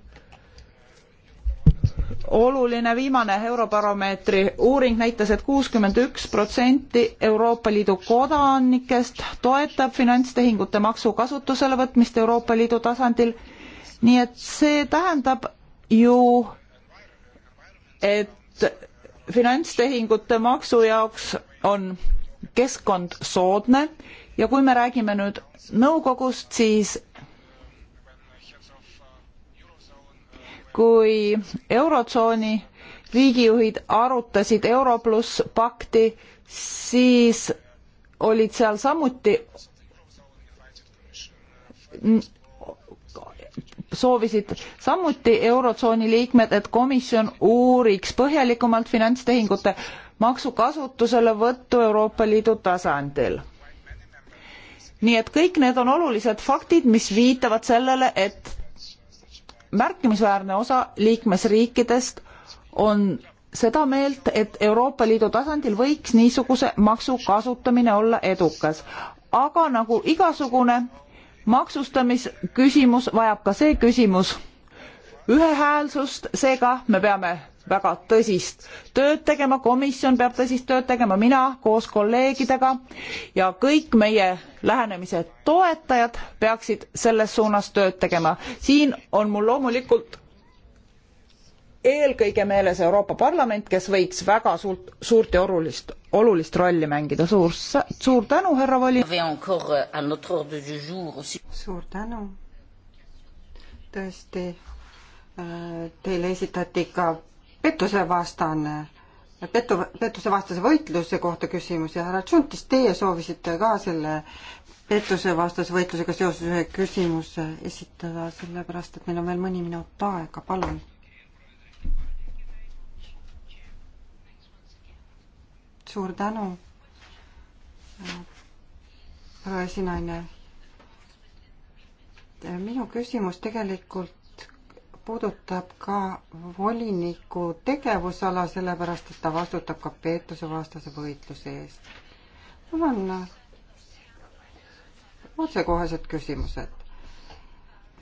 oluline. viimane Eurobaromeetri uuring näitas et, et kuuskümmend üks protsenti Euroopa Liidu kodanikest toetab finantstehingute maksu kasutusele võtmist Euroopa Liidu tasandil nii et see tähendab ju, et finantstehingute maksu jaoks on keskkond soodne ja kui me räägime nüüd nõukogust, siis kui Eurotsooni riigijuhid arutasid Euro pluss pakti, siis olid seal samuti soovisid samuti Eurotsooni liikmed, et komisjon uuriks põhjalikumalt finantstehingute maksu kasutuselevõttu Euroopa Liidu tasandil. nii et kõik need on olulised faktid, mis viitavad sellele, et märkimisväärne osa liikmesriikidest on seda meelt, et Euroopa Liidu tasandil võiks niisuguse maksu kasutamine olla edukas. aga nagu igasugune maksustamisküsimus vajab ka see küsimus ühehäälsust, seega me peame väga tõsist tööd tegema, komisjon peab tõsist tööd tegema, mina koos kolleegidega ja kõik meie lähenemise toetajad peaksid selles suunas tööd tegema. siin on mul loomulikult eelkõige meeles Euroopa Parlament, kes võiks väga suurt, suurt ja olulist, olulist rolli mängida. suur, suur tänu, härra voli-. Euh, suur tänu. tõesti, äh, teile esitati ka pettusevastane, petu, pettusevastase võitluse kohta küsimusi. härra Tšuntis, teie soovisite ka selle pettusevastase võitlusega seoses ühe küsimuse esitada, sellepärast et meil on veel mõni minut aega, palun suur tänu, proua esinaine. minu küsimus tegelikult puudutab ka voliniku tegevusala, sellepärast et ta vastutab ka peetusevastase võitluse eest. mul on otsekohesed küsimused.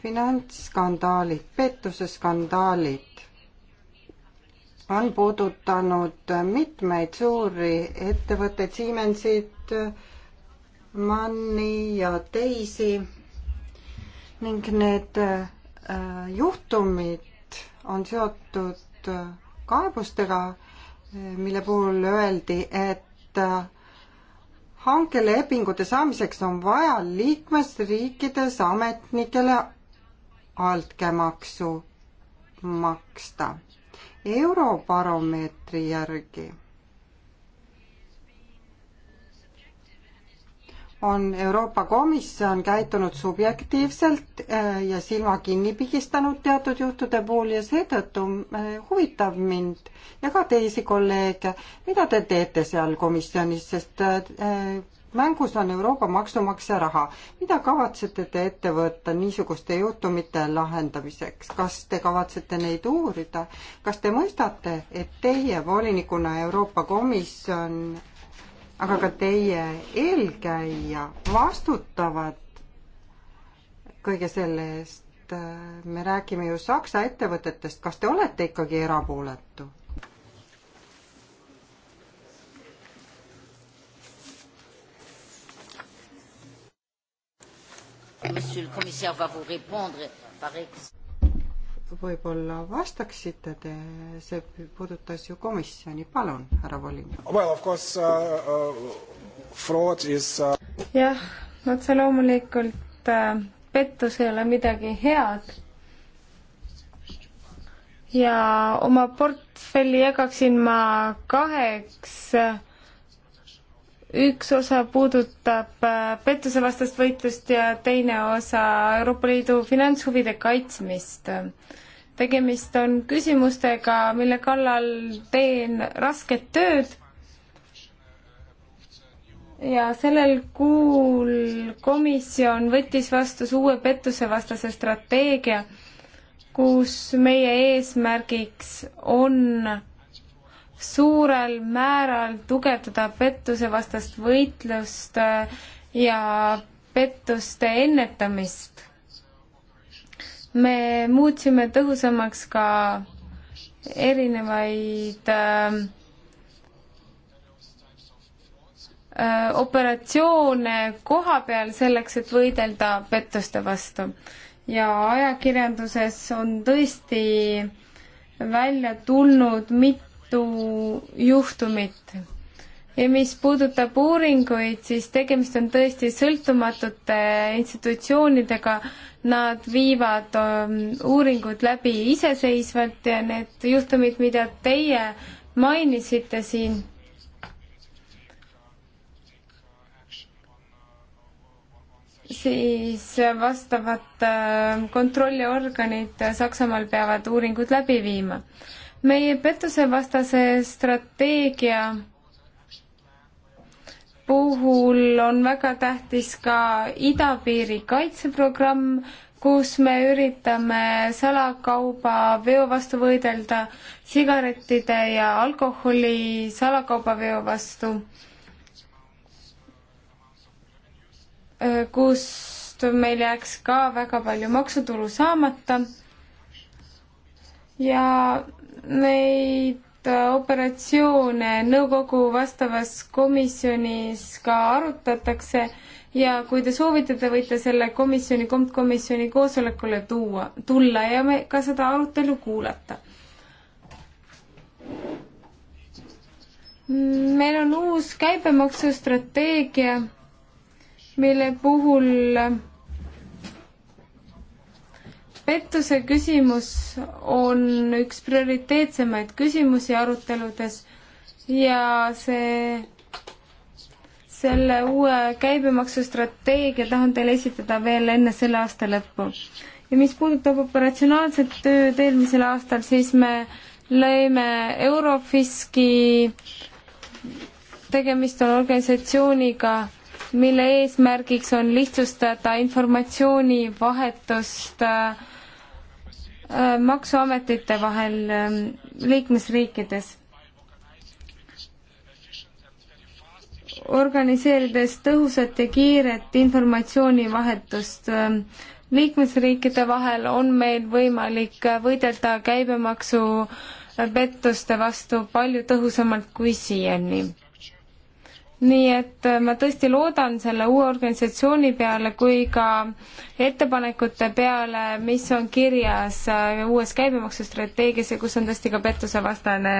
finantsskandaalid, peetuseskandaalid on puudutanud mitmeid suuri ettevõtteid, Siemensit, Manni ja teisi ning need äh, juhtumid on seotud äh, kaebustega, äh, mille puhul öeldi, et hankelepingute saamiseks on vaja liikmesriikides ametnikele altkäemaksu maksta Eurobaromeetri järgi on Euroopa Komisjon käitunud subjektiivselt äh, ja silma kinni pigistanud teatud juhtude puhul ja seetõttu äh, huvitab mind ja ka teisi kolleege, mida te teete seal komisjonis, sest äh, mängus on Euroopa maksumaksja raha. mida kavatsete te ette võtta niisuguste juhtumite lahendamiseks? kas te kavatsete neid uurida? kas te mõistate, et teie volinikuna Euroopa Komisjon, aga ka teie eelkäija vastutavad kõige selle eest? me räägime ju Saksa ettevõtetest, kas te olete ikkagi erapooletu? Monsieur le commissaire va vous répondre par võib-olla vastaksite te, see puudutas ju komisjoni, palun, härra volinik well,. Uh, uh, uh, jah, no otse loomulikult uh, pettus ei ole midagi head. ja oma portfelli jagaksin ma kaheks uh, üks osa puudutab äh, pettusevastast võitlust ja teine osa Euroopa Liidu finantshuvide kaitsmist. tegemist on küsimustega, mille kallal teen rasket tööd ja sellel kuul komisjon võttis vastus uue pettusevastase strateegia, kus meie eesmärgiks on suurel määral tugevdada pettusevastast võitlust äh, ja pettuste ennetamist. me muutsime tõhusamaks ka erinevaid äh, äh, operatsioone koha peal selleks, et võidelda pettuste vastu. ja ajakirjanduses on tõesti välja tulnud mit-, mitu juhtumit. ja mis puudutab uuringuid, siis tegemist on tõesti sõltumatute institutsioonidega, nad viivad ähm, uuringud läbi iseseisvalt ja need juhtumid, mida teie mainisite siin, siis vastavad ähm, kontrolliorganid Saksamaal peavad uuringud läbi viima meie pettusevastase strateegia puhul on väga tähtis ka idapiiri kaitseprogramm, kus me üritame salakauba veo vastu võidelda, sigarettide ja alkoholi salakauba veo vastu, kust meil jääks ka väga palju maksutulu saamata ja neid äh, operatsioone nõukogu vastavas komisjonis ka arutatakse ja kui te soovite, te võite selle komisjoni, kompkomisjoni koosolekule tuua, tulla ja me ka seda arutelu kuulata. meil on uus käibemaksustrateegia, mille puhul pettuse küsimus on üks prioriteetsemaid küsimusi aruteludes ja see, selle uue käibemaksustrateegia tahan teile esitada veel enne selle aasta lõppu. ja mis puudutab operatsionaalset tööd eelmisel aastal, siis me lõime Eurofiski, tegemist on organisatsiooniga, mille eesmärgiks on lihtsustada informatsioonivahetust äh, Äh, maksuametite vahel ähm, liikmesriikides. organiseerides tõhusat ja kiiret informatsioonivahetust ähm, liikmesriikide vahel, on meil võimalik äh, võidelda käibemaksu äh, pettuste vastu palju tõhusamalt kui siiani nii et äh, ma tõesti loodan selle uue organisatsiooni peale kui ka ettepanekute peale, mis on kirjas äh, uues käibemaksustrateegias ja kus on tõesti ka pettusevastane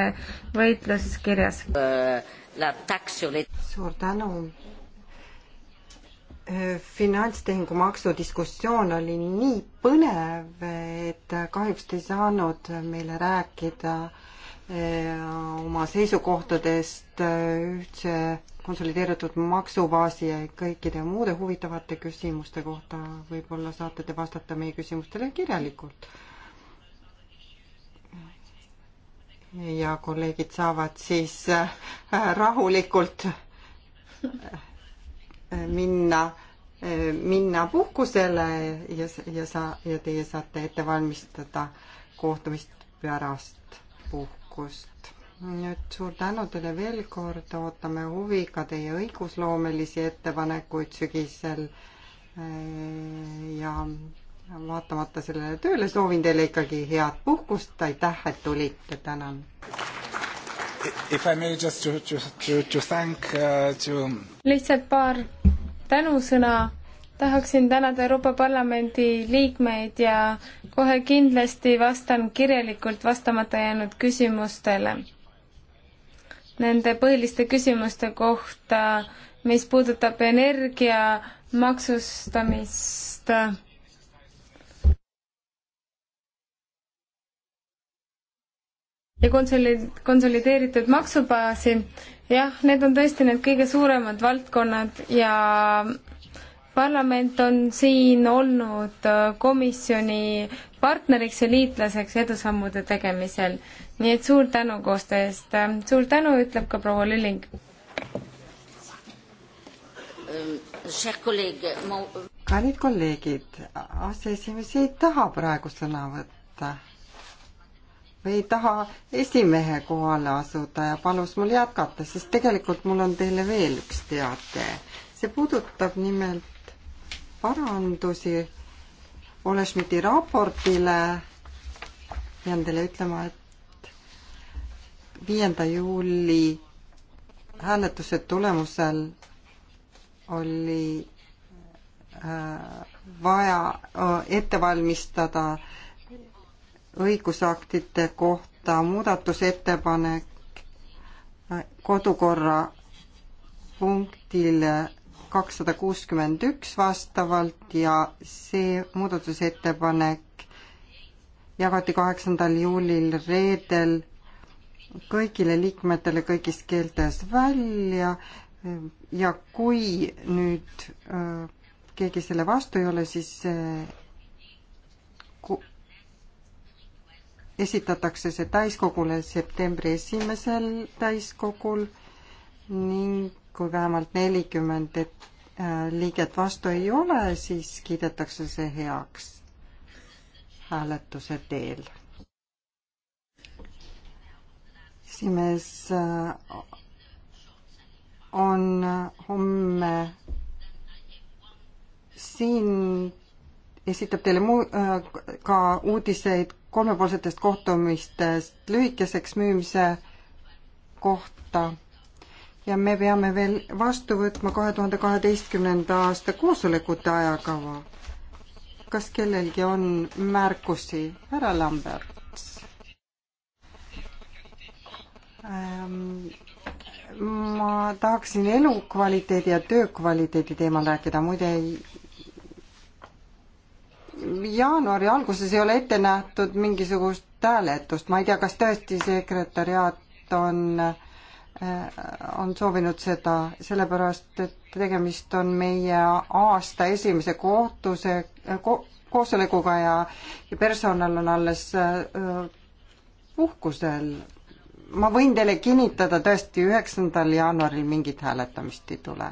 võitlus kirjas. Äh, suur tänu. finantstehingu maksu diskussioon oli nii põnev, et kahjuks te ei saanud meile rääkida äh, oma seisukohtadest äh, ühtse konsolideeritud maksubaasi ja kõikide muude huvitavate küsimuste kohta võib-olla saate te vastata meie küsimustele kirjalikult. ja kolleegid saavad siis äh, rahulikult äh, minna, minna puhkusele ja, ja sa, ja teie saate ette valmistada kohtumist pärast puhkust märkust. nüüd suur tänu teile veel kord, ootame huviga teie õigusloomelisi ettepanekuid sügisel eh, ja vaatamata sellele tööle soovin teile ikkagi head puhkust, aitäh, et tulite, tänan. If I may just to, to, to, to thank uh, to lihtsalt paar tänusõna tahaksin tänada Euroopa Parlamendi liikmeid ja kohe kindlasti vastan kirjalikult vastamata jäänud küsimustele. Nende põhiliste küsimuste kohta, mis puudutab energia maksustamist. ja konsoli-, konsolideeritud maksubaasi, jah, need on tõesti need kõige suuremad valdkonnad ja parlament on siin olnud äh, komisjoni partneriks ja liitlaseks edusammude tegemisel. nii et suur tänu koostöö eest. Äh, suur tänu, ütleb ka proua Lilling. Ähm, kallid kolleegid, aseesimees ei taha praegu sõna võtta või ei taha esimehe kohale asuda ja palus mul jätkata, sest tegelikult mul on teile veel üks teade. see puudutab nimelt parandusi Ole Schmidti raportile. pean teile ütlema, et viienda juuli hääletuse tulemusel oli äh, vaja äh, ette valmistada õigusaktide kohta muudatusettepanek äh, kodukorra punktile kakssada kuuskümmend üks vastavalt ja see muudatusettepanek jagati kaheksandal juulil reedel kõigile liikmetele kõigis keeltes välja ja kui nüüd äh, keegi selle vastu ei ole, siis äh, esitatakse see täiskogule septembri esimesel täiskogul ning kui vähemalt nelikümmend äh, liiget vastu ei ole, siis kiidetakse see heaks hääletuse teel. esimees äh, on homme siin esitab teile muu, äh, ka uudiseid kolmepoolsetest kohtumistest lühikeseks müümise kohta ja me peame veel vastu võtma kahe tuhande kaheteistkümnenda aasta koosolekute ajakava. kas kellelgi on märkusi? härra Lambert ähm,. ma tahaksin elukvaliteedi ja töökvaliteedi teemal rääkida, muide ei jaanuari alguses ei ole ette nähtud mingisugust hääletust, ma ei tea, kas tõesti sekretäriaat on äh, Äh, on soovinud seda, sellepärast et tegemist on meie aasta esimese kohtuse äh, ko,, koosolekuga ja, ja personal on alles äh, puhkusel. ma võin teile kinnitada, tõesti üheksandal jaanuaril mingit hääletamist ei tule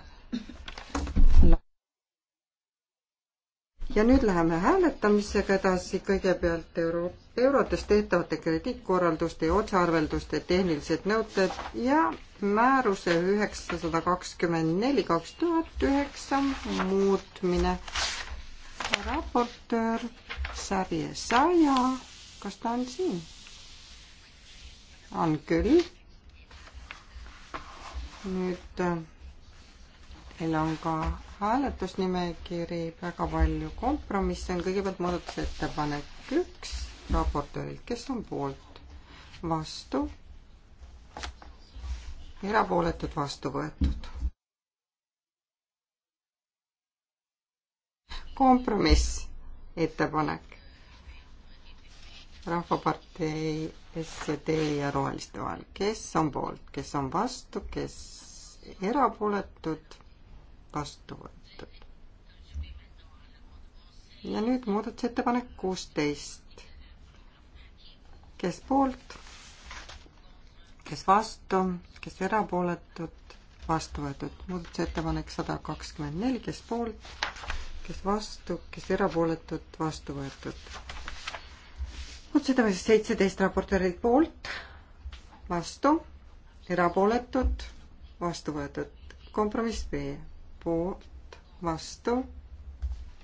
ja nüüd läheme hääletamisega edasi, kõigepealt Euroopa eurodes tehtavate krediitkorralduste ja otsearvelduste tehnilised nõuded ja määruse üheksasada kakskümmend neli kaks tuhat üheksa muutmine. raportöör Sarje Saia, kas ta on siin? on küll. nüüd äh, meil on ka hääletusnimekiri, väga palju kompromisse on, kõigepealt muudatusettepanek üks raportöörilt, kes on poolt, vastu, erapooletud, vastu võetud. kompromiss, ettepanek Rahvapartei, SED ja Roheliste vahel, kes on poolt, kes on vastu, kes erapooletud, vastu võetud ja nüüd muudatusettepanek kuusteist kes poolt, kes vastu, kes erapooletud, vastu võetud. muudatusettepanek sada kakskümmend neli, kes poolt, kes vastu, kes erapooletud, vastu võetud. muudatusettepanek seitseteist raportöörid poolt, vastu, erapooletud, vastu võetud. kompromiss B, poolt, vastu,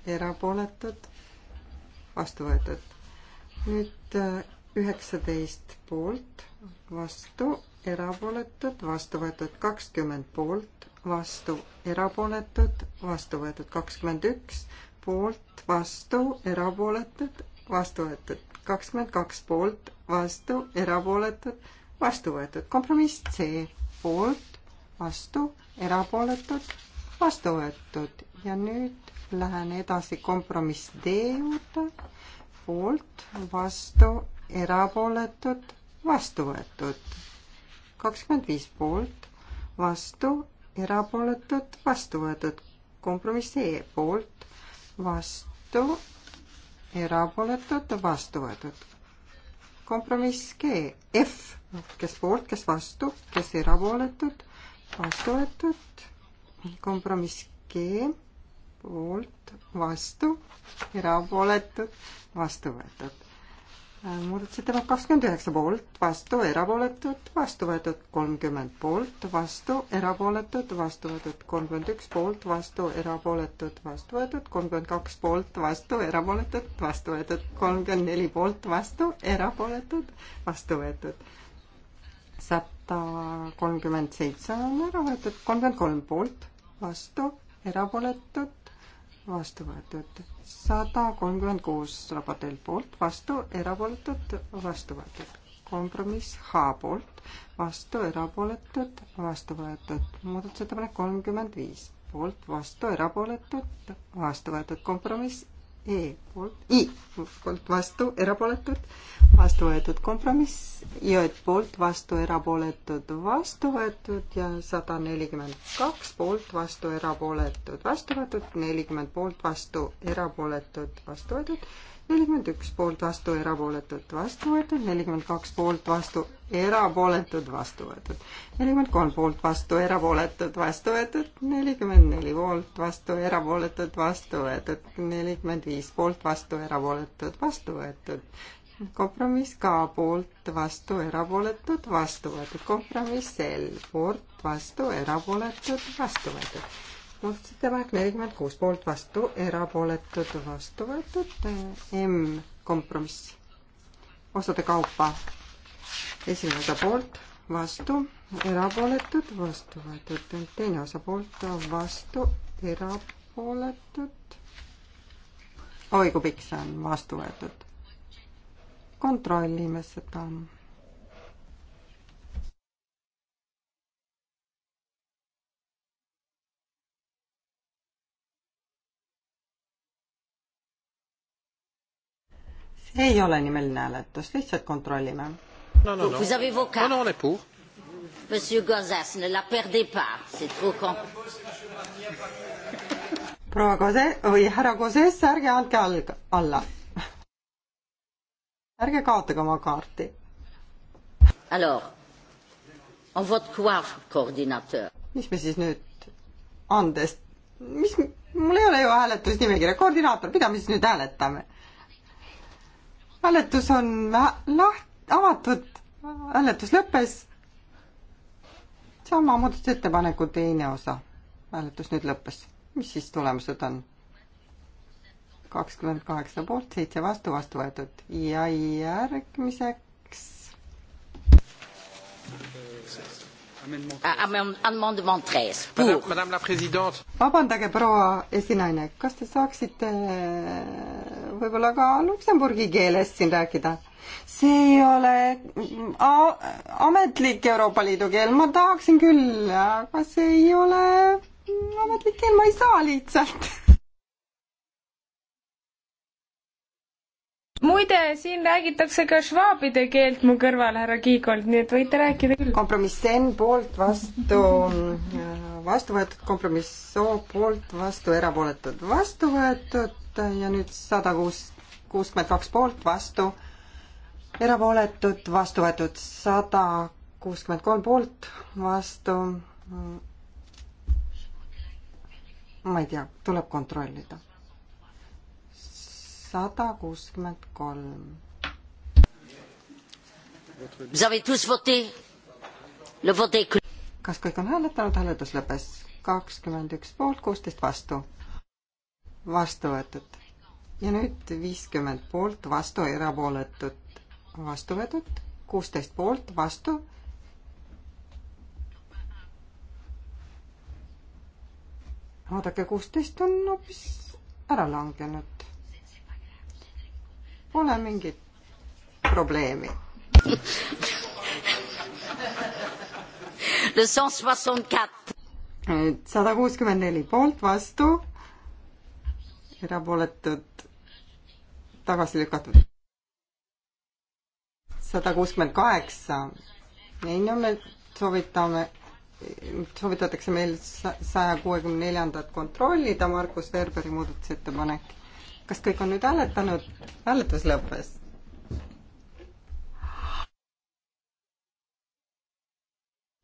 erapooletud, vastu võetud. nüüd äh, üheksateist poolt, vastu, erapooletud, vastu võetud kakskümmend poolt, vastu, erapooletud, vastu võetud kakskümmend üks, poolt, vastu, erapooletud, vastu võetud kakskümmend kaks poolt, vastu, erapooletud, vastu võetud. kompromiss C, poolt, vastu, erapooletud, vastu võetud ja nüüd lähen edasi kompromiss D juurde, poolt, vastu, erapooletud, vastu võetud. kakskümmend viis poolt, vastu, erapooletud, vastu võetud. kompromiss E poolt, vastu, erapooletud, vastu võetud. kompromiss G, F, kes poolt, kes vastu, kes erapooletud, vastu võetud. kompromiss G poolt, vastu, erapooletud, vastu võetud Äh, muudatusettepanek kakskümmend üheksa poolt, vastu, erapooletud, vastu võetud kolmkümmend poolt, vastu, erapooletud, vastu võetud kolmkümmend üks poolt, vastu, erapooletud, vastu võetud kolmkümmend kaks poolt, vastu, erapooletud, vastu võetud kolmkümmend neli poolt, vastu, erapooletud, vastu võetud. sada kolmkümmend seitse on ära võetud, kolmkümmend kolm poolt, vastu, erapooletud, vastu võetud. sada kolmkümmend kuus raportööri poolt, vastu, erapooletud, vastu võetud. kompromiss H poolt, vastu, erapooletud, vastu võetud. muudatusettepanek kolmkümmend viis poolt, vastu, erapooletud, vastu võetud. kompromiss E poolt, I poolt vastu, erapooletud, vastu võetud kompromiss, J poolt vastu, erapooletud, vastu võetud ja sada nelikümmend kaks poolt vastu, erapooletud, vastu võetud, nelikümmend poolt vastu, erapooletud, vastu võetud nelikümmend üks poolt vastu, erapooletud vastu võetud, nelikümmend kaks poolt vastu, erapooletud vastu võetud, nelikümmend kolm poolt vastu, erapooletud vastu võetud, nelikümmend neli poolt vastu, erapooletud vastu võetud, nelikümmend viis poolt vastu, erapooletud vastu võetud, kompromiss ka poolt, vastu, erapooletud, vastu võetud, kompromiss L poolt, vastu, erapooletud, vastu võetud muudatusettepanek nelikümmend kuus poolt vastu, erapooletud vastu võetud, M kompromiss osade kaupa. esimene osa poolt, vastu, erapooletud, vastu võetud, teine osa poolt, vastu, erapooletud. oi kui pikk see on, vastu võetud. kontrollime seda ei ole nimeline hääletus, lihtsalt kontrollime. no, no, no. no, no, on est pour. Monsieur Gozas, ne la perdez pas, c'est trop con. proua Gozes või härra Gozes, ärge andke alg-, alla. ärge kaotage oma kaarti. Alors, on vote quoi, koordinaator? mis me siis nüüd, andest, mis, mul ei ole ju hääletusnimekirja, koordinaator, mida me siis nüüd hääletame? hääletus on laht-, avatud, hääletus lõppes. sama muudatusettepaneku teine osa. hääletus nüüd lõppes. mis siis tulemused on? kakskümmend kaheksa poolt, seitse vastu, vastu võetud ja järgmiseks. Ah, ah, vabandage, proua esinaine, kas te saaksite äh, võib-olla ka luksemburgi keeles siin rääkida? see ei ole mm, ametlik Euroopa Liidu keel, ma tahaksin küll, aga see ei ole ametlik keel, ma ei saa lihtsalt muide, siin räägitakse ka švaabide keelt mu kõrval, härra Kiigold, nii et võite rääkida küll. kompromiss N poolt vastu, vastu võetud, kompromiss O poolt vastu, erapooletud vastu võetud ja nüüd sada kuus, kuuskümmend kaks poolt vastu, erapooletud vastu võetud sada kuuskümmend kolm poolt vastu. ma ei tea, tuleb kontrollida sada kuuskümmend kolm. kas kõik on hääletanud, hääletus lõppes kakskümmend üks poolt, kuusteist vastu. vastu võetud. ja nüüd viiskümmend poolt, vastu, erapooletud. vastu võetud, kuusteist poolt, vastu. vaadake, kuusteist on hoopis ära langenud Pole mingit probleemi. sada kuuskümmend neli poolt, vastu, erapooletud, tagasi lükatud. sada kuuskümmend kaheksa. ei no me soovitame, soovitatakse meil saja kuuekümne neljandat kontrollida, Markus Verberi muudatusettepanek kas kõik on nüüd hääletanud? hääletus lõppes.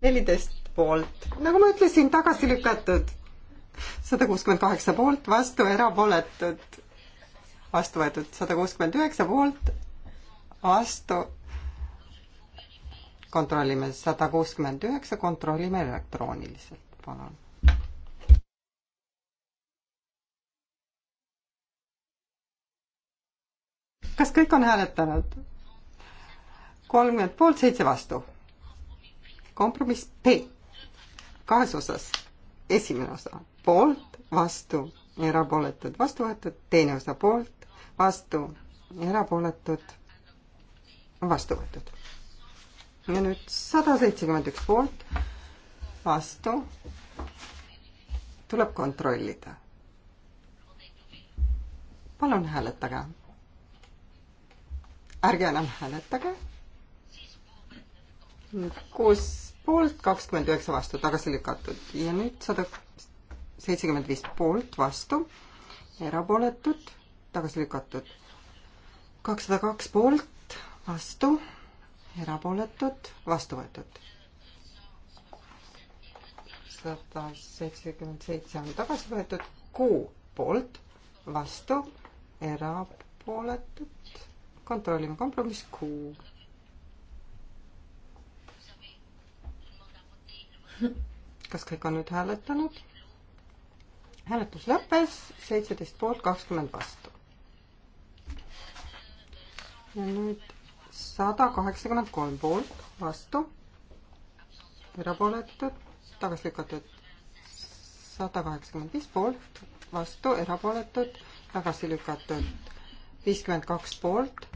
neliteist poolt, nagu ma ütlesin, tagasi lükatud. sada kuuskümmend kaheksa poolt, vastu erapooletud, vastu võetud sada kuuskümmend üheksa poolt, vastu kontrollime sada kuuskümmend üheksa, kontrollime elektrooniliselt, palun kas kõik on hääletanud? kolmkümmend poolt, seitse vastu. kompromiss B kahes osas. esimene osa poolt, vastu, erapooletud, vastu võetud, teine osa poolt, vastu, erapooletud, vastu võetud. ja nüüd sada seitsekümmend üks poolt, vastu, tuleb kontrollida. palun hääletage ärge enam hääletage. kuus poolt, kakskümmend üheksa vastu, tagasi lükatud ja nüüd sada seitsekümmend viis poolt vastu, erapooletud, tagasi lükatud. kakssada kaks poolt vastu, erapooletud, vastu võetud. sada seitsekümmend seitse on tagasi võetud, kuu poolt vastu, erapooletud kontrollime, kompromiss Q. kas kõik on nüüd hääletanud? hääletus lõppes, seitseteist poolt, kakskümmend vastu. ja nüüd sada kaheksakümmend kolm poolt, vastu, erapooletud, tagasi lükatud sada kaheksakümmend viis poolt, vastu, erapooletud, tagasi lükatud viiskümmend kaks poolt,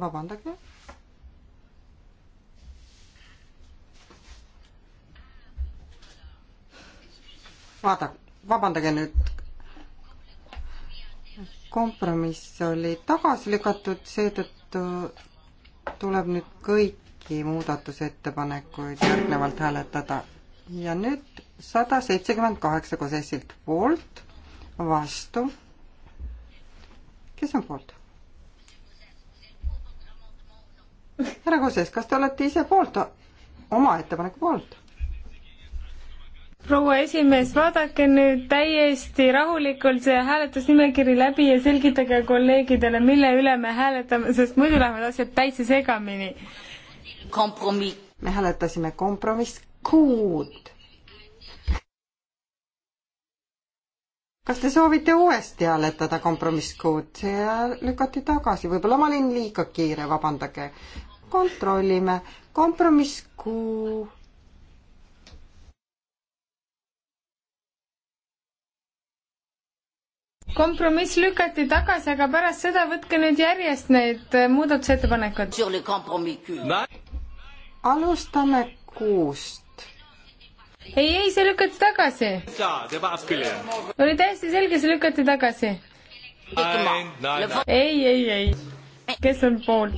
vabandage. vaadake, vabandage nüüd. kompromiss oli tagasi lükatud, seetõttu tuleb nüüd kõiki muudatusettepanekuid järgnevalt hääletada. ja nüüd sada seitsekümmend kaheksa koos esilt poolt, vastu. kes on poolt? härra Koses, kas te olete ise poolt, oma ettepaneku poolt? proua esimees, vaadake nüüd täiesti rahulikult see hääletusnimekiri läbi ja selgitage kolleegidele, mille üle me hääletame, sest muidu lähevad asjad täitsa segamini. kompromiss. me hääletasime kompromiss kuud. kas te soovite uuesti hääletada kompromiss kuud? see lükati tagasi, võib-olla ma olin liiga kiire, vabandage kontrollime. kompromiss kuu. kompromiss lükati tagasi, aga pärast seda võtke nüüd järjest need äh, muudatusettepanekud. alustame kuust ei, ei, see lükati tagasi. oli täiesti selge, see lükati tagasi. ei, ei, ei kes on poolt?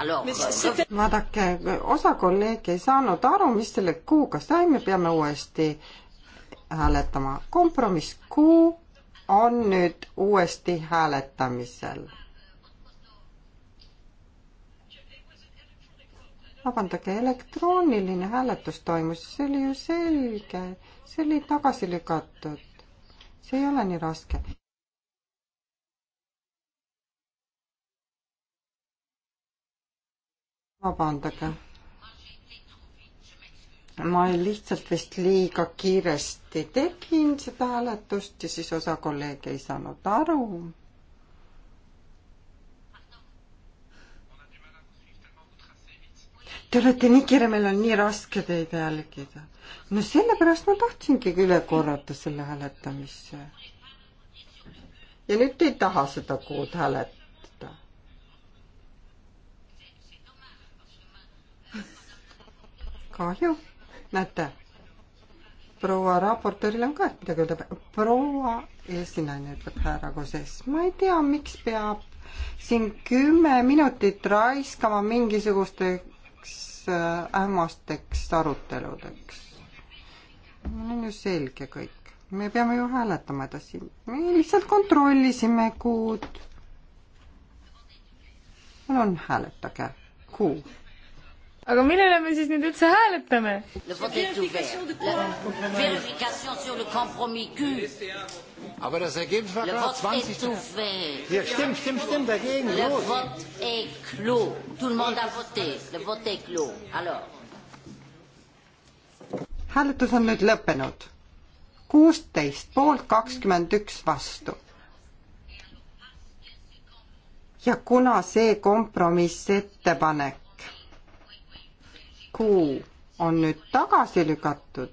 Euh, vaadake, osa kolleege ei saanud aru, mis selle Q-ga sai, me peame uuesti hääletama. kompromiss Q on nüüd uuesti hääletamisel. vabandage, elektrooniline hääletus toimus, see oli ju selge, see oli tagasi lükatud. see ei ole nii raske. vabandage. ma lihtsalt vist liiga kiiresti tegin seda hääletust ja siis osa kolleege ei saanud aru. Te olete nii kiire, meil on nii raske teid jälgida. no sellepärast ma tahtsingi üle korrata selle hääletamise. ja nüüd te ei taha seda kuud hääletada. kahju, näete, proua raportööril on ka midagi öelda, proua esinaine ütleb härra Koses, ma ei tea, miks peab siin kümme minutit raiskama mingisugusteks äh, ähmasteks aruteludeks. mul on ju selge kõik, me peame ju hääletama edasi, me lihtsalt kontrollisime kuud. palun hääletage, kuu aga millele me siis nüüd üldse hääletame? Aber das Ergebnis war klar, 20 zu. Ja, stimmt, stimmt, stimmt, dagegen. Le los. vote est clos. Tout le monde a voté. Le vote est clos. Alors. Hääletus on nüüd lõppenud. 16 poolt 21 vastu ja kuna see kompromissettepanek kuu on nüüd tagasi lükatud.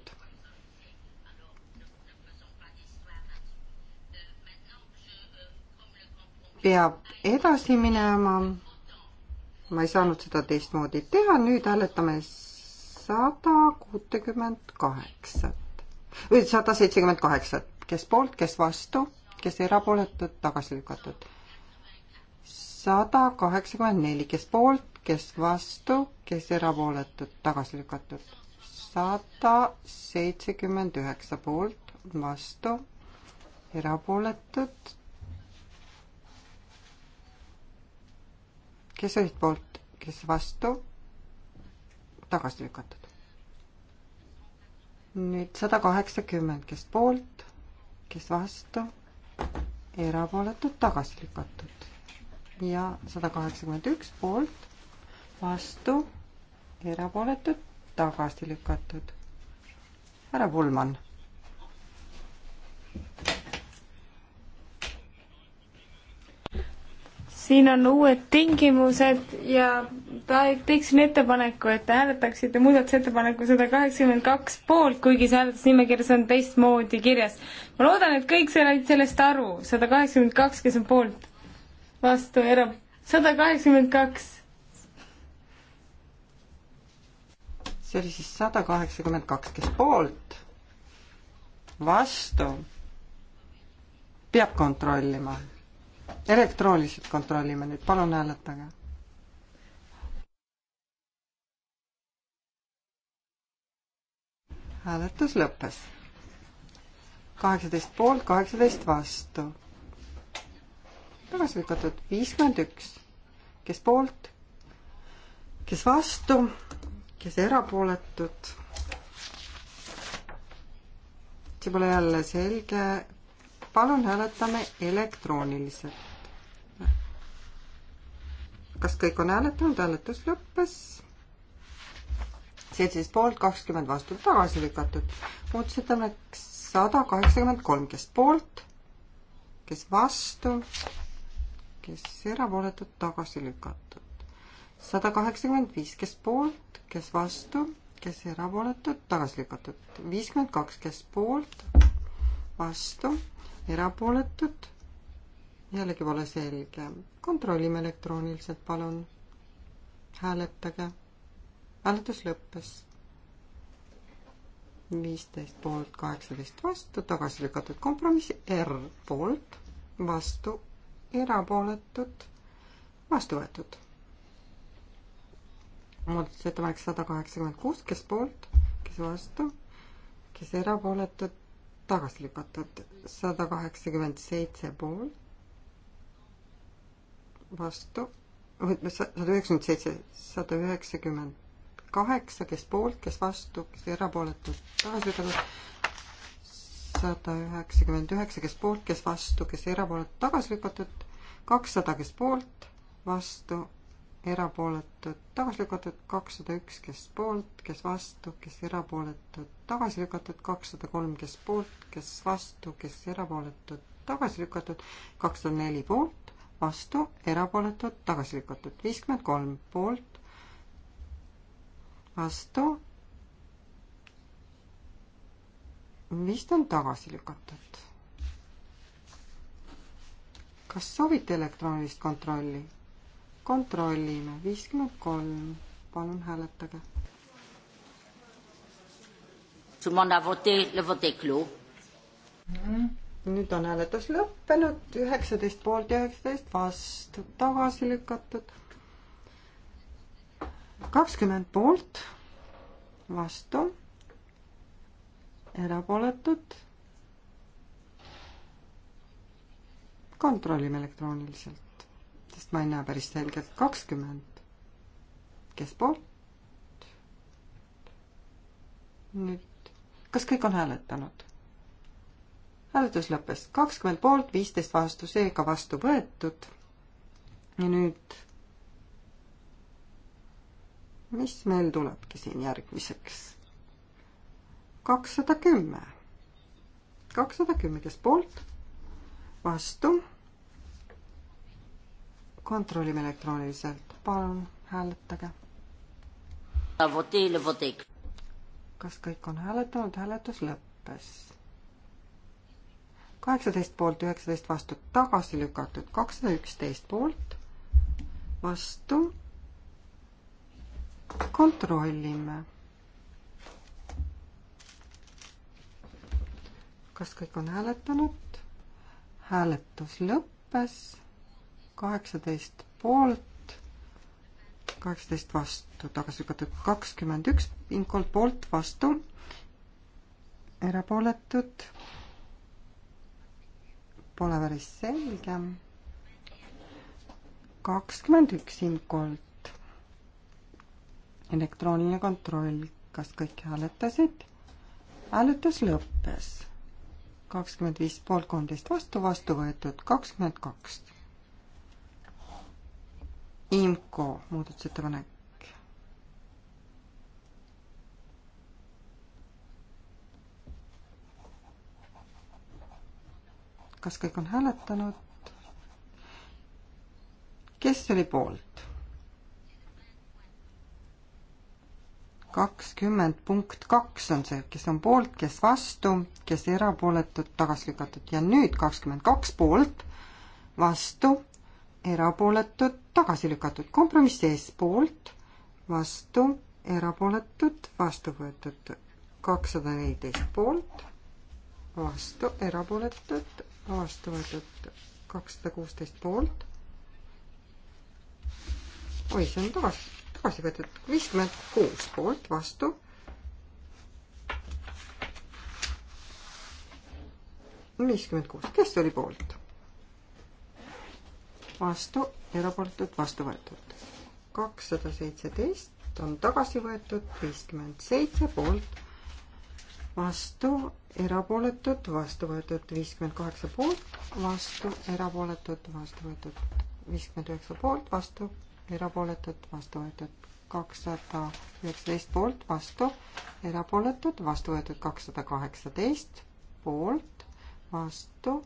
peab edasi minema. ma ei saanud seda teistmoodi teha, nüüd hääletame sada kuutekümmend kaheksat või sada seitsekümmend kaheksat, kes poolt, kes vastu, kes erapooletud, tagasi lükatud sada kaheksakümmend neli, kes poolt, kes vastu, kes erapooletud, tagasi lükatud. sada seitsekümmend üheksa poolt, vastu, erapooletud. kes olid poolt, kes vastu, tagasi lükatud. nüüd sada kaheksakümmend, kes poolt, kes vastu, erapooletud, tagasi lükatud. ja sada kaheksakümmend üks poolt vastu, erapooletud, tagasi lükatud. härra Pullmann. siin on uued tingimused ja teeksin ettepaneku, et te hääletaksite muudatusettepaneku sada kaheksakümmend kaks poolt, kuigi see hääletusnimekirjas on teistmoodi kirjas. ma loodan, et kõik said sellest aru, sada kaheksakümmend kaks, kes on poolt, vastu, era-, sada kaheksakümmend kaks see oli siis sada kaheksakümmend kaks, kes poolt, vastu, peab kontrollima. elektrooniliselt kontrollime nüüd, palun hääletage. hääletus lõppes. kaheksateist poolt, kaheksateist vastu. tagasi lükatud viiskümmend üks, kes poolt, kes vastu kes erapooletud. see pole jälle selge. palun hääletame elektrooniliselt. kas kõik on hääletanud, hääletus lõppes. seitseteist poolt, kakskümmend vastu, tagasi lükatud. muudatusettepanek sada kaheksakümmend kolm, kes poolt, kes vastu, kes erapooletud, tagasi lükatud sada kaheksakümmend viis, kes poolt, kes vastu, kes erapooletud, tagasi lükatud. viiskümmend kaks, kes poolt, vastu, erapooletud, jällegi pole selge. kontrollime elektrooniliselt, palun. hääletage. hääletus lõppes. viisteist poolt, kaheksateist vastu, tagasi lükatud kompromiss, R poolt, vastu, erapooletud, vastu võetud muudatusettepanek sada kaheksakümmend kuus, kes poolt, kes vastu, kes erapooletud, tagasi lükatud, sada kaheksakümmend seitse poolt, vastu, sada üheksakümmend seitse, sada üheksakümmend kaheksa, kes poolt, kes vastu, kes erapooletud, tagasi lükatud, sada üheksakümmend üheksa, kes poolt, kes vastu, kes erapooletud, tagasi lükatud, kakssada, kes poolt, vastu, erapooletud, tagasi lükatud kakssada üks, kes poolt, kes vastu, kes erapooletud, tagasi lükatud kakssada kolm, kes poolt, kes vastu, kes erapooletud, tagasi lükatud kakssada neli poolt, vastu, erapooletud, tagasi lükatud viiskümmend kolm poolt, vastu, vist on tagasi lükatud. kas soovite elektroonilist kontrolli? kontrollime, viiskümmend kolm, palun hääletage. Mhm. nüüd on hääletus lõppenud, üheksateist poolt ja üheksateist vastu, tagasi lükatud. kakskümmend poolt, vastu, erapooletud. kontrollime elektrooniliselt sest ma ei näe päris selgelt. kakskümmend. kes poolt? nüüd, kas kõik on hääletanud? hääletus lõppes kakskümmend poolt, viisteist vastu, seega vastu võetud. ja nüüd mis meil tulebki siin järgmiseks? kakssada kümme. kakssada kümme, kes poolt? vastu kontrollime elektrooniliselt, palun hääletage. kas kõik on hääletanud, hääletus lõppes. kaheksateist poolt, üheksateist vastu, tagasi lükatud, kakssada üksteist poolt, vastu. kontrollime. kas kõik on hääletanud? hääletus lõppes kaheksateist poolt, kaheksateist vastu, tagasi lükatud kakskümmend üks, inkolt poolt, vastu, erapooletud, pole päris selge, kakskümmend üks inkolt, elektrooniline kontroll, kas kõik hääletasid? hääletus lõppes kakskümmend viis poolt, kolmteist vastu, vastu võetud kakskümmend kaks IMCO muudatusettepanek. kas kõik on hääletanud? kes oli poolt? kakskümmend punkt kaks on see, kes on poolt, kes vastu, kes erapooletud, tagasi lükatud ja nüüd kakskümmend kaks poolt, vastu erapooletud, tagasi lükatud. kompromiss ees, poolt, vastu, erapooletud, vastu võetud. kakssada neliteist poolt, vastu, erapooletud, vastu võetud. kakssada kuusteist poolt. oi, see on tagasi, tagasi võetud. viiskümmend kuus poolt, vastu viiskümmend kuus, kes oli poolt? vastu, erapooletud, vastu võetud. kakssada seitseteist on tagasi võetud, viiskümmend seitse poolt, vastu, erapooletud, vastu võetud, viiskümmend kaheksa poolt, vastu, erapooletud, vastu võetud, viiskümmend üheksa poolt, vastu, erapooletud, vastu võetud, kakssada üheksateist poolt, vastu, erapooletud, vastu võetud kakssada kaheksateist poolt, vastu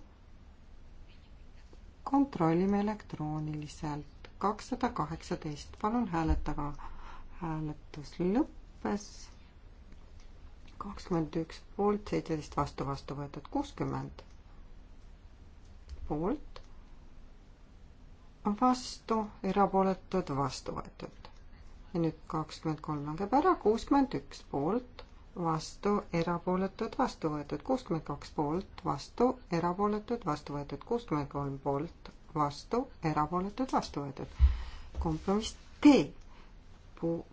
kontrollime elektrooniliselt. kakssada kaheksateist, palun hääletage. hääletus lõppes. kakskümmend üks poolt, seitseteist vastu, vastu võetud kuuskümmend poolt, vastu, erapooletud, vastu võetud. ja nüüd kakskümmend kolm langeb ära, kuuskümmend üks poolt vastu, erapooletud, vastu võetud kuuskümmend kaks poolt, vastu, erapooletud, vastu võetud kuuskümmend kolm poolt, vastu, erapooletud, vastu võetud. kompromiss D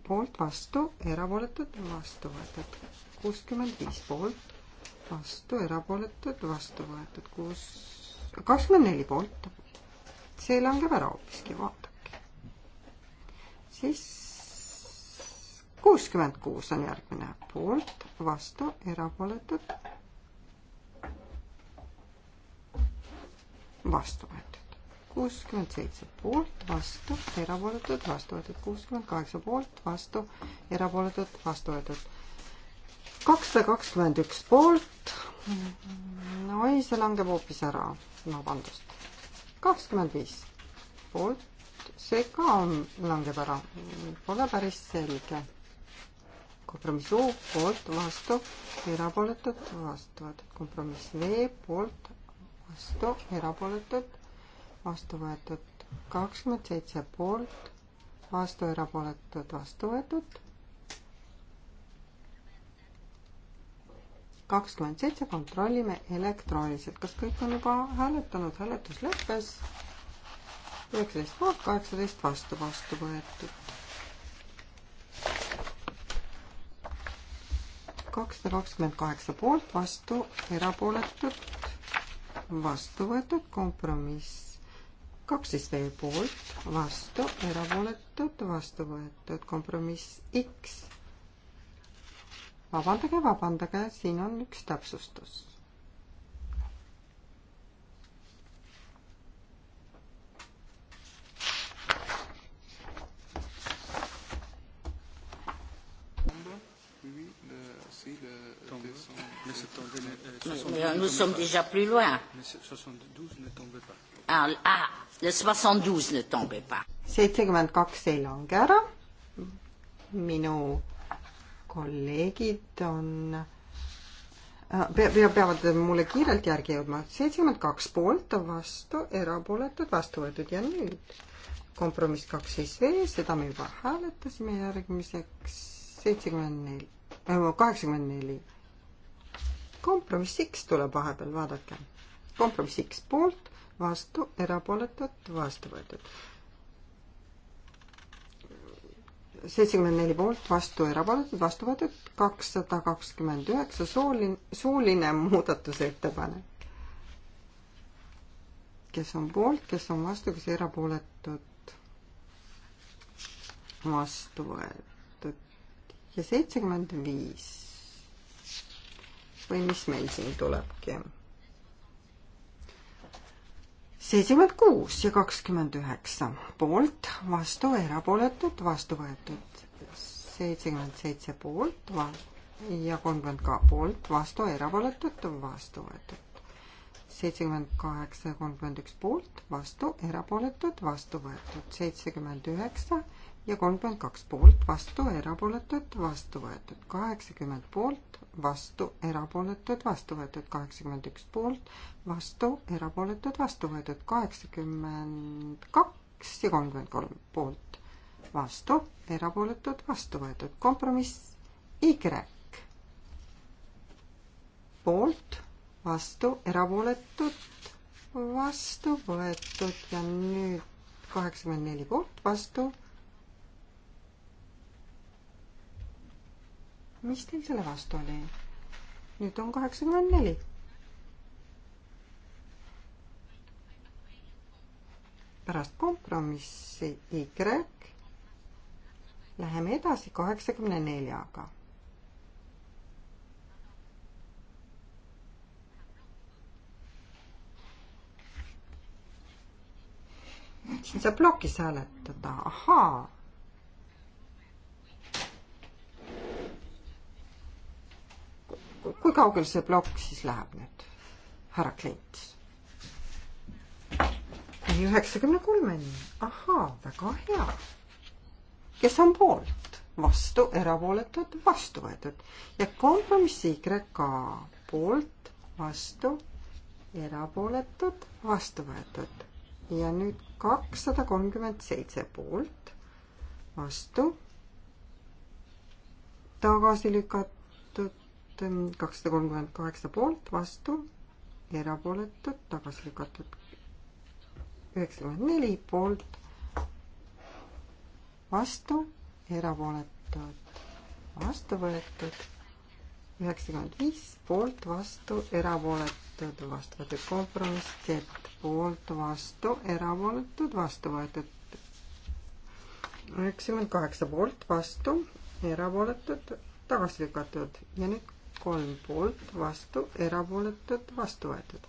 poolt, vastu, erapooletud, vastu võetud kuuskümmend viis poolt, vastu, erapooletud, vastu võetud kuus, kakskümmend neli poolt. see langeb ära hoopiski, vaadake. siis kuuskümmend kuus on järgmine, poolt, vastu, erapooletud, vastu võetud. kuuskümmend seitse poolt, vastu, erapooletud, vastu võetud, kuuskümmend kaheksa poolt, vastu, erapooletud, vastu võetud. kakssada kakskümmend üks poolt, no ei, see langeb hoopis ära, vabandust. kakskümmend viis poolt, see ka on, langeb ära, pole päris selge kompromiss U poolt, vastu, erapooletud, vastu võetud. kompromiss V poolt, vastu, erapooletud, vastu võetud. kakskümmend seitse poolt, vastu, erapooletud, vastu võetud. kakskümmend seitse, kontrollime elektrooniliselt, kas kõik on juba hääletanud, hääletus lõppes. üheksateist poolt, kaheksateist vastu, vastu võetud kakssada kakskümmend kaheksa poolt, vastu, erapooletud, vastu võetud, kompromiss. kaksteist veel poolt, vastu, erapooletud, vastu võetud, kompromiss X. vabandage, vabandage, siin on üks täpsustus Euh, nous sommes déjà plus loin. Ah, ah, le 72 ne tombe pas. seitsekümmend kaks ei lange ära. minu kolleegid on äh, pea, peavad mulle kiirelt järgi jõudma. seitsekümmend kaks poolt on vastu, erapooletud, vastu võetud ja nüüd kompromiss kaks siis veel, seda me juba hääletasime järgmiseks seitsekümmend neli Äh, kaheksakümmend neli. kompromiss X tuleb vahepeal, vaadake. kompromiss X poolt, vastu, erapooletud, vastu võetud. seitsekümmend neli poolt, vastu, erapooletud, vastu võetud, kakssada kakskümmend üheksa, sooline, suuline muudatusettepanek. kes on poolt, kes on vastu, kes erapooletud, vastu võetud ja seitsekümmend viis. või mis meil siin tulebki? seitsekümmend kuus ja kakskümmend üheksa poolt, vastu, erapooletud, vastu võetud seitsekümmend seitse poolt ja kolmkümmend ka poolt, vastu, erapooletud, vastu võetud seitsekümmend kaheksa ja kolmkümmend üks poolt, vastu, erapooletud, vastu võetud, seitsekümmend üheksa ja kolmkümmend kaks poolt, vastu, erapooletud, vastu võetud kaheksakümmend poolt, vastu, erapooletud, vastu võetud kaheksakümmend üks poolt, vastu, erapooletud, vastu võetud kaheksakümmend kaks ja kolmkümmend kolm poolt, vastu, erapooletud, vastu võetud kompromiss Y poolt, vastu, erapooletud, vastu võetud ja nüüd kaheksakümmend neli poolt, vastu mis teil selle vastu oli? nüüd on kaheksakümmend neli. pärast kompromissi Y läheme edasi kaheksakümne neljaga. siin saab plokis hääletada, ahaa kui kaugel see plokk siis läheb nüüd, härra klient? kuni üheksakümne kolmeni, ahaa, väga hea. kes on poolt, vastu, erapooletud, vastu võetud ja kompromiss Y ka poolt, vastu, erapooletud, vastu võetud ja nüüd kakssada kolmkümmend seitse poolt, vastu, tagasi lükatud kakssada kolmkümmend kaheksa poolt, vastu, erapooletud, tagasi lükatud. üheksakümmend neli poolt, vastu, erapooletud, vastu võetud. üheksakümmend viis poolt, vastu, erapooletud, vastu võetud kompromiss, Z poolt, vastu, erapooletud, vastu võetud üheksakümmend kaheksa poolt, vastu, erapooletud, tagasi lükatud ja nüüd kolm poolt, vastu, erapooletud, vastu võetud.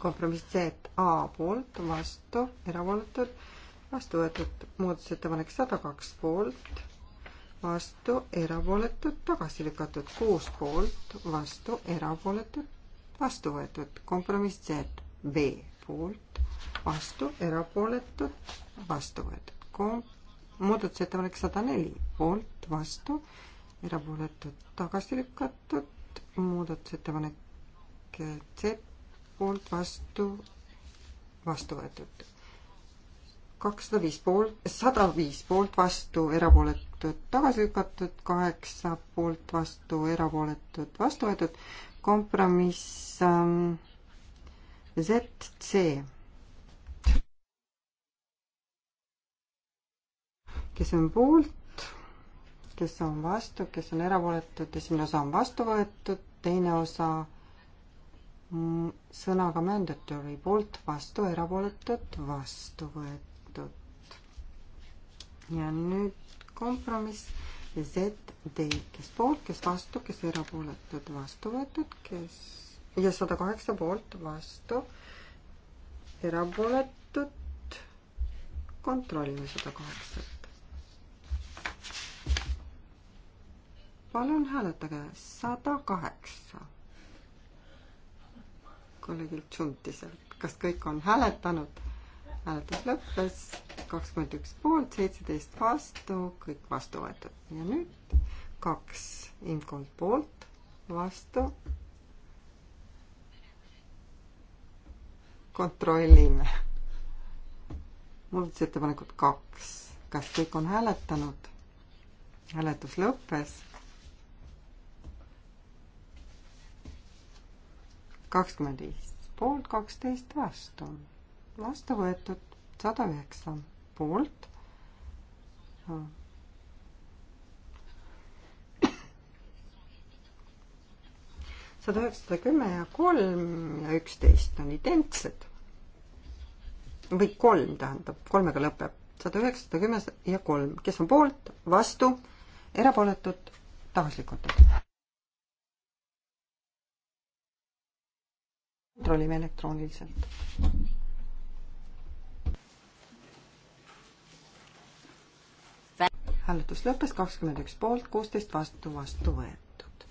kompromiss Z A poolt, vastu, erapooletud, vastu võetud. muudatusettepanek sada kaks poolt, vastu, erapooletud, tagasi lükatud. kuus poolt, vastu, erapooletud, vastu võetud. kompromiss Z B poolt, vastu, erapooletud, vastu võetud. kom-, muudatusettepanek sada neli poolt, vastu erapooletud tagasi lükatud, muudatusettepanek Z poolt vastu, vastu võetud. kakssada viis poolt, sada viis poolt vastu, erapooletud tagasi lükatud, kaheksa poolt vastu, erapooletud vastu võetud, kompromiss ähm, ZC kes on poolt, kes on vastu, kes on erapooletud, esimene osa on vastu võetud, teine osa mm, sõnaga mandatory poolt vastu, erapooletud, vastu võetud. ja nüüd kompromiss ZD, kes poolt, kes vastu, kes erapooletud, vastu võetud, kes ja sada kaheksa poolt vastu, erapooletud, kontrollime sada kaheksat. palun hääletage sada kaheksa. kolleegilt Tšuntiselt, kas kõik on hääletanud? hääletus lõppes, kakskümmend üks poolt, seitseteist vastu, kõik vastu võetud ja nüüd kaks imkolt poolt, vastu. kontrollime. muudatusettepanekud kaks, kas kõik on hääletanud? hääletus lõppes kakskümmend viis poolt, kaksteist vastu. vastu võetud sada üheksa poolt. sada üheksasada kümme ja kolm ja üksteist on identsed. või kolm tähendab, kolmega lõpeb sada üheksasada kümme ja kolm, kes on poolt, vastu, erapooletud, tagasi lükatud kontrollime elektrooniliselt. hääletus lõppes kakskümmend üks poolt, kuusteist vastu, vastu võetud.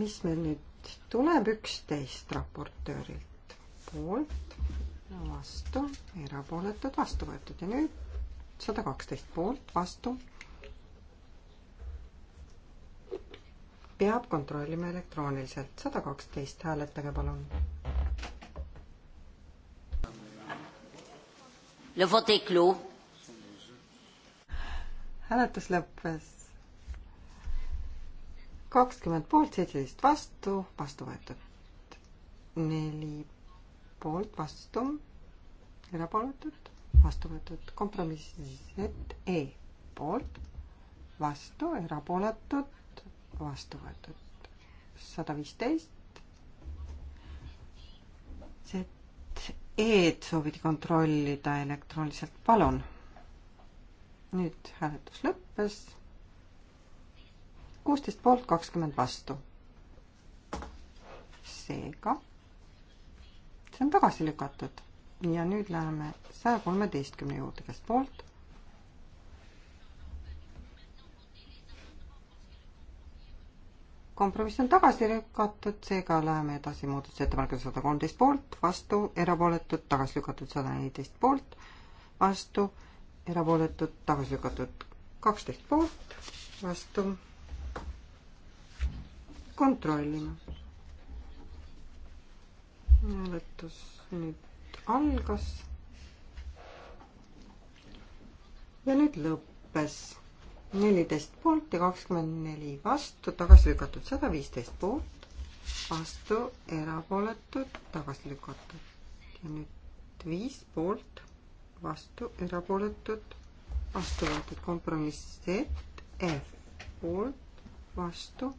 mis meil nüüd tuleb, üksteist raportöörilt poolt, vastu, erapooletud, vastu võetud ja nüüd sada kaksteist poolt, vastu peab kontrollima elektrooniliselt. sada kaksteist, hääletage palun. hääletus lõppes. kakskümmend poolt, seitseteist vastu, vastu võetud. neli poolt, vastu, erapooletud, vastu võetud. kompromiss, et E poolt, vastu, erapooletud vastu võetud. sada viisteist. ZE-d sooviti kontrollida elektrooniliselt, palun. nüüd hääletus lõppes. kuusteist poolt, kakskümmend vastu. seega see on tagasi lükatud ja nüüd läheme saja kolmeteistkümne juurde, kes poolt kompromiss on tagasi lükatud, seega läheme edasi muudatusettepanekuga sada kolmteist poolt, vastu, erapooletud, tagasi lükatud sada neliteist poolt, vastu, erapooletud, tagasi lükatud kaksteist poolt, vastu. kontrollime. hääletus nüüd algas. ja nüüd lõppes neliteist poolt ja kakskümmend neli vastu, tagasi lükatud sada viisteist poolt, vastu erapooletud, tagasi lükatud. ja nüüd viis poolt, vastu erapooletud, vastu võetud kompromiss Z, F poolt, vastu,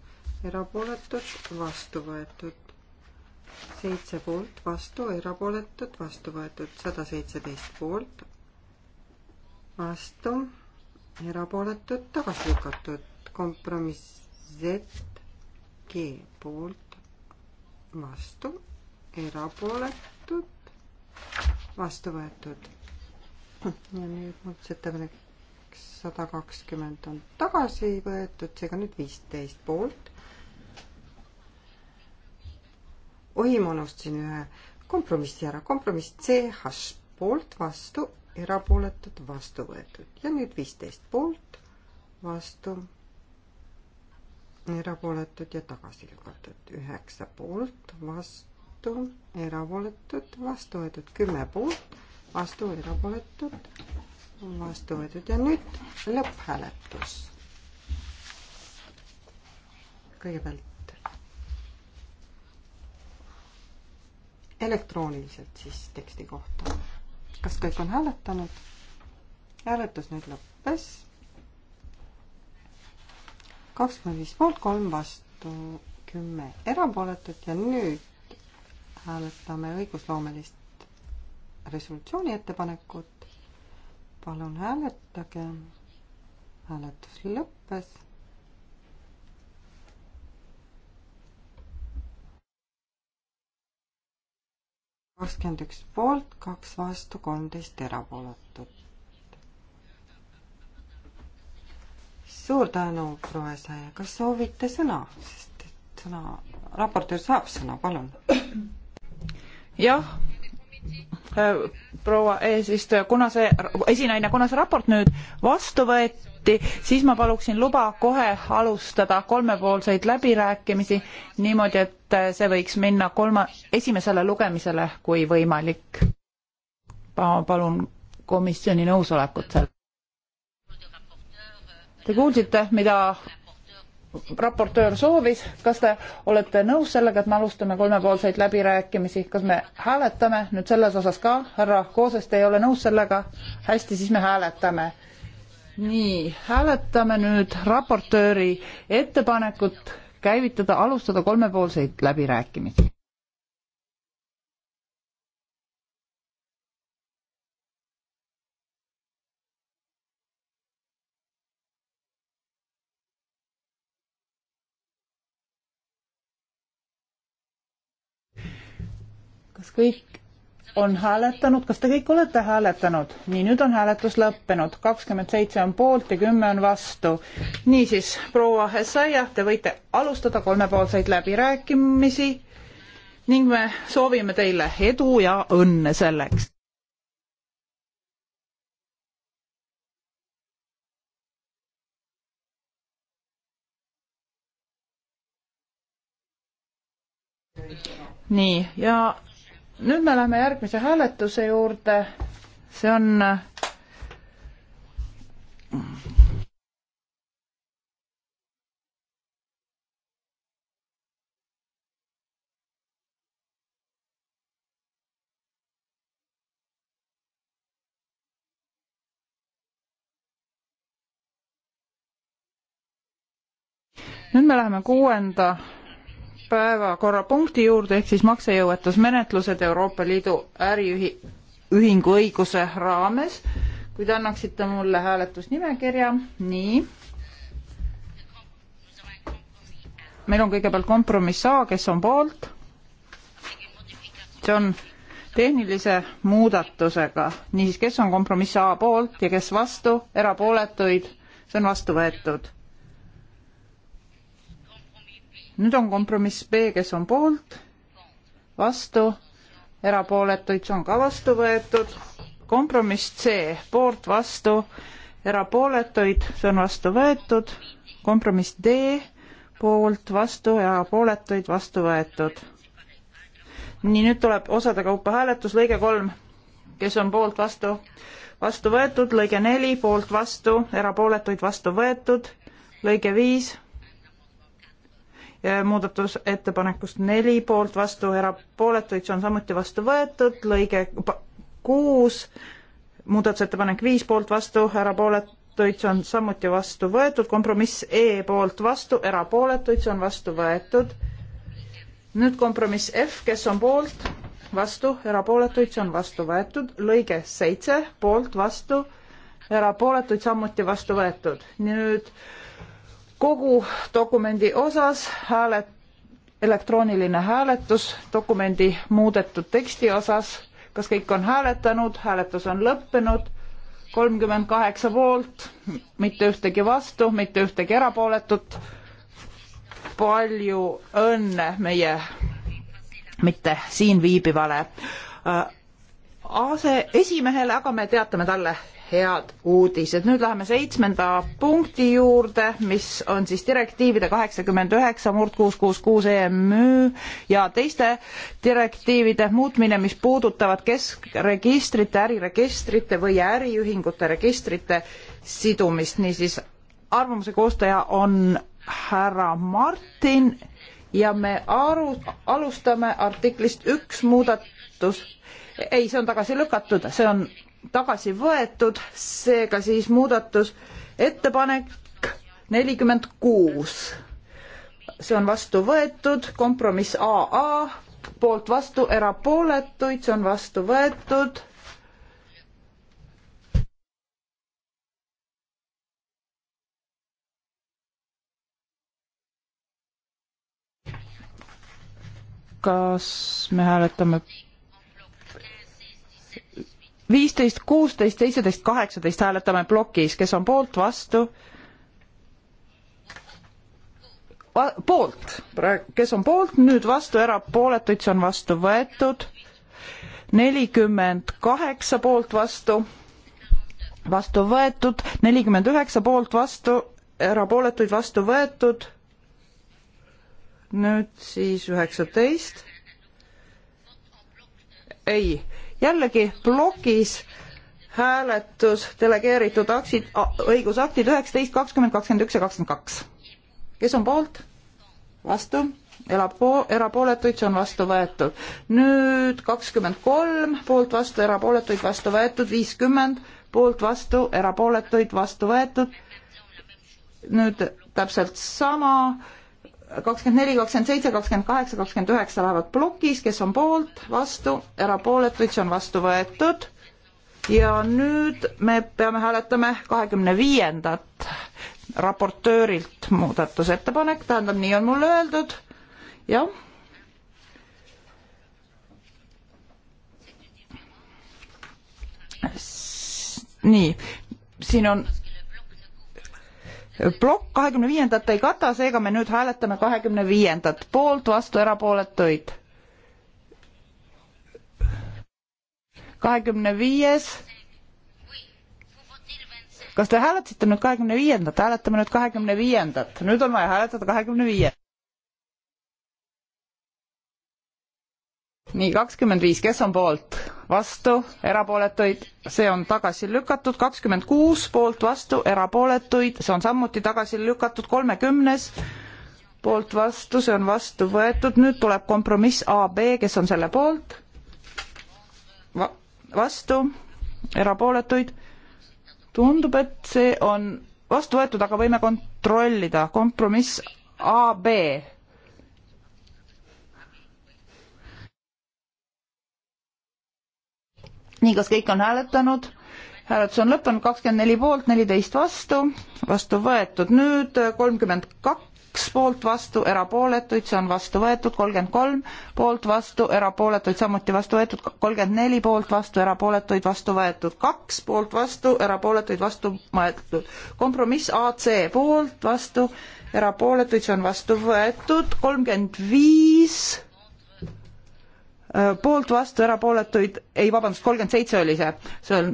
erapooletud, vastu võetud. seitse poolt, vastu, erapooletud, vastu võetud, sada seitseteist poolt, vastu erapooletud, tagasi lükatud, kompromiss Z, G poolt, vastu, erapooletud, vastu võetud. ja nüüd muudatusettepanek sada kakskümmend on tagasi võetud, seega nüüd viisteist poolt. oi, ma unustasin ühe kompromissi ära, kompromiss C, H poolt, vastu, erapooletud, vastu võetud ja nüüd viisteist poolt, vastu, erapooletud ja tagasi lükatud, üheksa poolt, vastu, erapooletud, vastu võetud, kümme poolt, vastu, erapooletud, vastu võetud ja nüüd lõpphääletus. kõigepealt elektrooniliselt siis teksti kohta kas kõik on hääletanud? hääletus nüüd lõppes. kakskümmend viis poolt, kolm vastu, kümme erapooletut ja nüüd hääletame õigusloomelist resolutsiooni ettepanekut. palun hääletage. hääletus lõppes kakskümmend üks poolt, kaks vastu, kolmteist erapooletut. suur tänu, proua Saia, kas soovite sõna, sest et sõna, raportöör saab sõna, palun. jah äh, proua eesistuja, kuna see, esinaine, kuna see raport nüüd vastu võeti, minuti, siis ma paluksin luba kohe alustada kolmepoolseid läbirääkimisi niimoodi, et see võiks minna kolma, esimesele lugemisele, kui võimalik. ma palun komisjoni nõusolekut seal. Te kuulsite, mida raportöör soovis, kas te olete nõus sellega, et me alustame kolmepoolseid läbirääkimisi, kas me hääletame nüüd selles osas ka, härra Koosest ei ole nõus sellega? hästi, siis me hääletame nii, hääletame nüüd raportööri ettepanekut käivitada, alustada kolmepoolseid läbirääkimisi. kas kõik on hääletanud, kas te kõik olete hääletanud? nii, nüüd on hääletus lõppenud, kakskümmend seitse on poolt ja kümme on vastu. niisiis, proua Hessaja, te võite alustada kolmepoolseid läbirääkimisi ning me soovime teile edu ja õnne selleks. nii, ja nüüd me läheme järgmise hääletuse juurde. see on nüüd me läheme kuuenda päevakorrapunkti juurde ehk siis maksejõuetusmenetlused Euroopa Liidu äriühingu õiguse raames. kui te annaksite mulle hääletusnimekirja, nii. meil on kõigepealt kompromiss A, kes on poolt. see on tehnilise muudatusega, niisiis, kes on kompromiss A poolt ja kes vastu, erapooletuid, see on vastu võetud nüüd on kompromiss B, kes on poolt, vastu, erapooletuid, see on ka vastu võetud. kompromiss C, poolt, vastu, erapooletuid, see on vastu võetud. kompromiss D, poolt, vastu, erapooletuid, vastu võetud. nii, nüüd tuleb osade kaupa hääletus, lõige kolm, kes on poolt, vastu, vastu võetud, lõige neli, poolt, vastu, erapooletuid, vastu võetud, lõige viis muudatusettepanekust neli poolt vastu, erapooletuid, see on samuti vastu võetud, lõige kuus, muudatusettepanek viis poolt vastu, erapooletuid, see on samuti vastu võetud, kompromiss E poolt vastu, erapooletuid, see on vastu võetud. nüüd kompromiss F, kes on poolt, vastu, erapooletuid, see on vastu võetud, lõige seitse poolt vastu, erapooletuid samuti vastu võetud. nüüd kogu dokumendi osas hääle, elektrooniline hääletus dokumendi muudetud teksti osas. kas kõik on hääletanud, hääletus on lõppenud, kolmkümmend kaheksa poolt, mitte ühtegi vastu, mitte ühtegi erapooletut. palju õnne meie, mitte siin viibivale äh, aseesimehele, aga me teatame talle head uudised. nüüd läheme seitsmenda punkti juurde, mis on siis direktiivide kaheksakümmend üheksa murd kuus kuus kuus EMÜ ja teiste direktiivide muutmine, mis puudutavad keskregistrite, äriregistrite või äriühingute registrite sidumist. niisiis, arvamuse koostaja on härra Martin ja me aru, alustame artiklist üks muudatus ei, see on tagasi lükatud, see on tagasi võetud, seega siis muudatus ettepanek nelikümmend kuus. see on vastu võetud, kompromiss AA, poolt vastu, erapooletuid, see on vastu võetud. kas me hääletame viisteist, kuusteist, seitseteist, kaheksateist hääletame plokis, kes on poolt, vastu Va. poolt, kes on poolt, nüüd vastu, erapooletuid, see on vastu võetud. nelikümmend kaheksa poolt vastu, vastu võetud, nelikümmend üheksa poolt vastu, erapooletuid vastu võetud. nüüd siis üheksateist. ei jällegi plokis hääletus delegeeritud aktsid, õigusaktid üheksateist, kakskümmend, kakskümmend üks ja kakskümmend kaks. kes on poolt? vastu? elab po-, erapooletuid, see on vastu võetud. nüüd kakskümmend kolm, poolt vastu, erapooletuid vastu võetud, viiskümmend, poolt vastu, erapooletuid vastu võetud. nüüd täpselt sama kakskümmend neli, kakskümmend seitse, kakskümmend kaheksa, kakskümmend üheksa lähevad plokis, kes on poolt, vastu, erapooletuid, see on vastu võetud. ja nüüd me peame hääletama kahekümne viiendat raportöörilt muudatusettepanek, tähendab, nii on mulle öeldud, jah. nii, siin on plokk kahekümne viiendat ei kata, seega me nüüd hääletame kahekümne viiendat poolt, vastu, erapooletuid. kahekümne viies. kas te hääletasite nüüd kahekümne viiendat, hääletame nüüd kahekümne viiendat, nüüd on vaja hääletada kahekümne viie. nii kakskümmend viis, kes on poolt? vastu, erapooletuid, see on tagasi lükatud, kakskümmend kuus poolt vastu, erapooletuid, see on samuti tagasi lükatud, kolmekümnes poolt vastu, see on vastu võetud, nüüd tuleb kompromiss AB, kes on selle poolt Va, vastu, erapooletuid. tundub, et see on vastu võetud, aga võime kontrollida, kompromiss AB nii, kas kõik on hääletanud? hääletus on lõppenud, kakskümmend neli poolt, neliteist vastu, vastu võetud. nüüd kolmkümmend kaks poolt vastu, erapooletuid, see on vastu võetud, kolmkümmend kolm poolt vastu, erapooletuid samuti vastu võetud, kolmkümmend neli poolt vastu, erapooletuid vastu võetud, kaks poolt vastu, erapooletuid vastu võetud. kompromiss AC poolt vastu, erapooletuid, see on vastu võetud, kolmkümmend viis Äh, poolt, vastu, erapooletuid, ei vabandust, kolmkümmend seitse oli see, see on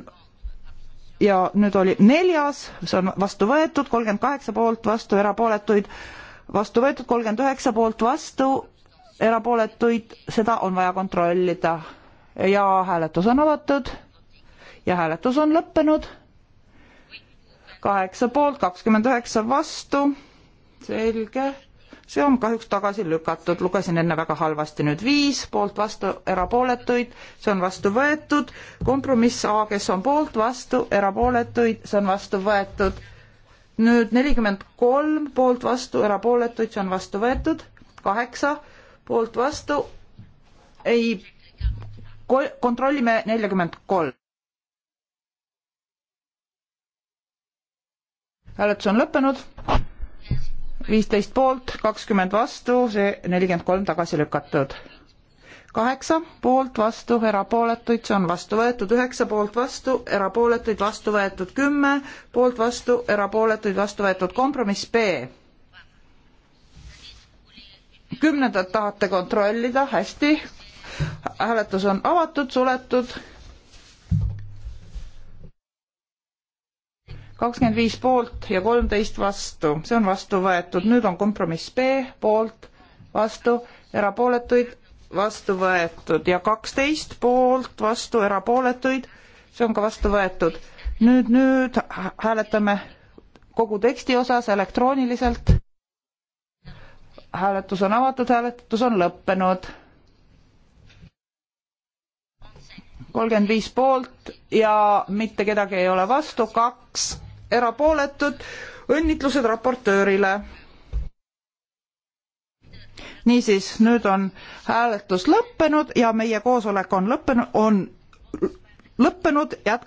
ja nüüd oli neljas, see on vastu võetud, kolmkümmend kaheksa poolt, vastu, erapooletuid, vastu võetud, kolmkümmend üheksa poolt, vastu, erapooletuid, seda on vaja kontrollida. ja hääletus on avatud ja hääletus on lõppenud. kaheksa poolt, kakskümmend üheksa vastu, selge see on kahjuks tagasi lükatud, lugesin enne väga halvasti, nüüd viis poolt vastu, erapooletuid, see on vastu võetud, kompromiss A, kes on poolt vastu, erapooletuid, see on vastu võetud. nüüd nelikümmend kolm poolt vastu, erapooletuid, see on vastu võetud, kaheksa poolt vastu, ei, kontrollime neljakümmend kolm. hääletus on lõppenud viisteist poolt, kakskümmend vastu, see nelikümmend kolm tagasi lükatud. kaheksa poolt, vastu, erapooletuid, see on vastu võetud, üheksa poolt vastu, erapooletuid vastu võetud, kümme poolt vastu, erapooletuid vastu võetud, kompromiss B. kümnendat tahate kontrollida, hästi. hääletus on avatud, suletud kakskümmend viis poolt ja kolmteist vastu, see on vastu võetud, nüüd on kompromiss B poolt, vastu, erapooletuid, vastu võetud ja kaksteist poolt, vastu, erapooletuid, see on ka vastu võetud. nüüd, nüüd hääletame kogu teksti osas elektrooniliselt. hääletus on avatud, hääletus on lõppenud. kolmkümmend viis poolt ja mitte kedagi ei ole vastu, kaks erapooletud, õnnitlused raportöörile. niisiis, nüüd on hääletus lõppenud ja meie koosolek on lõppenud, on lõppenud, jätkame.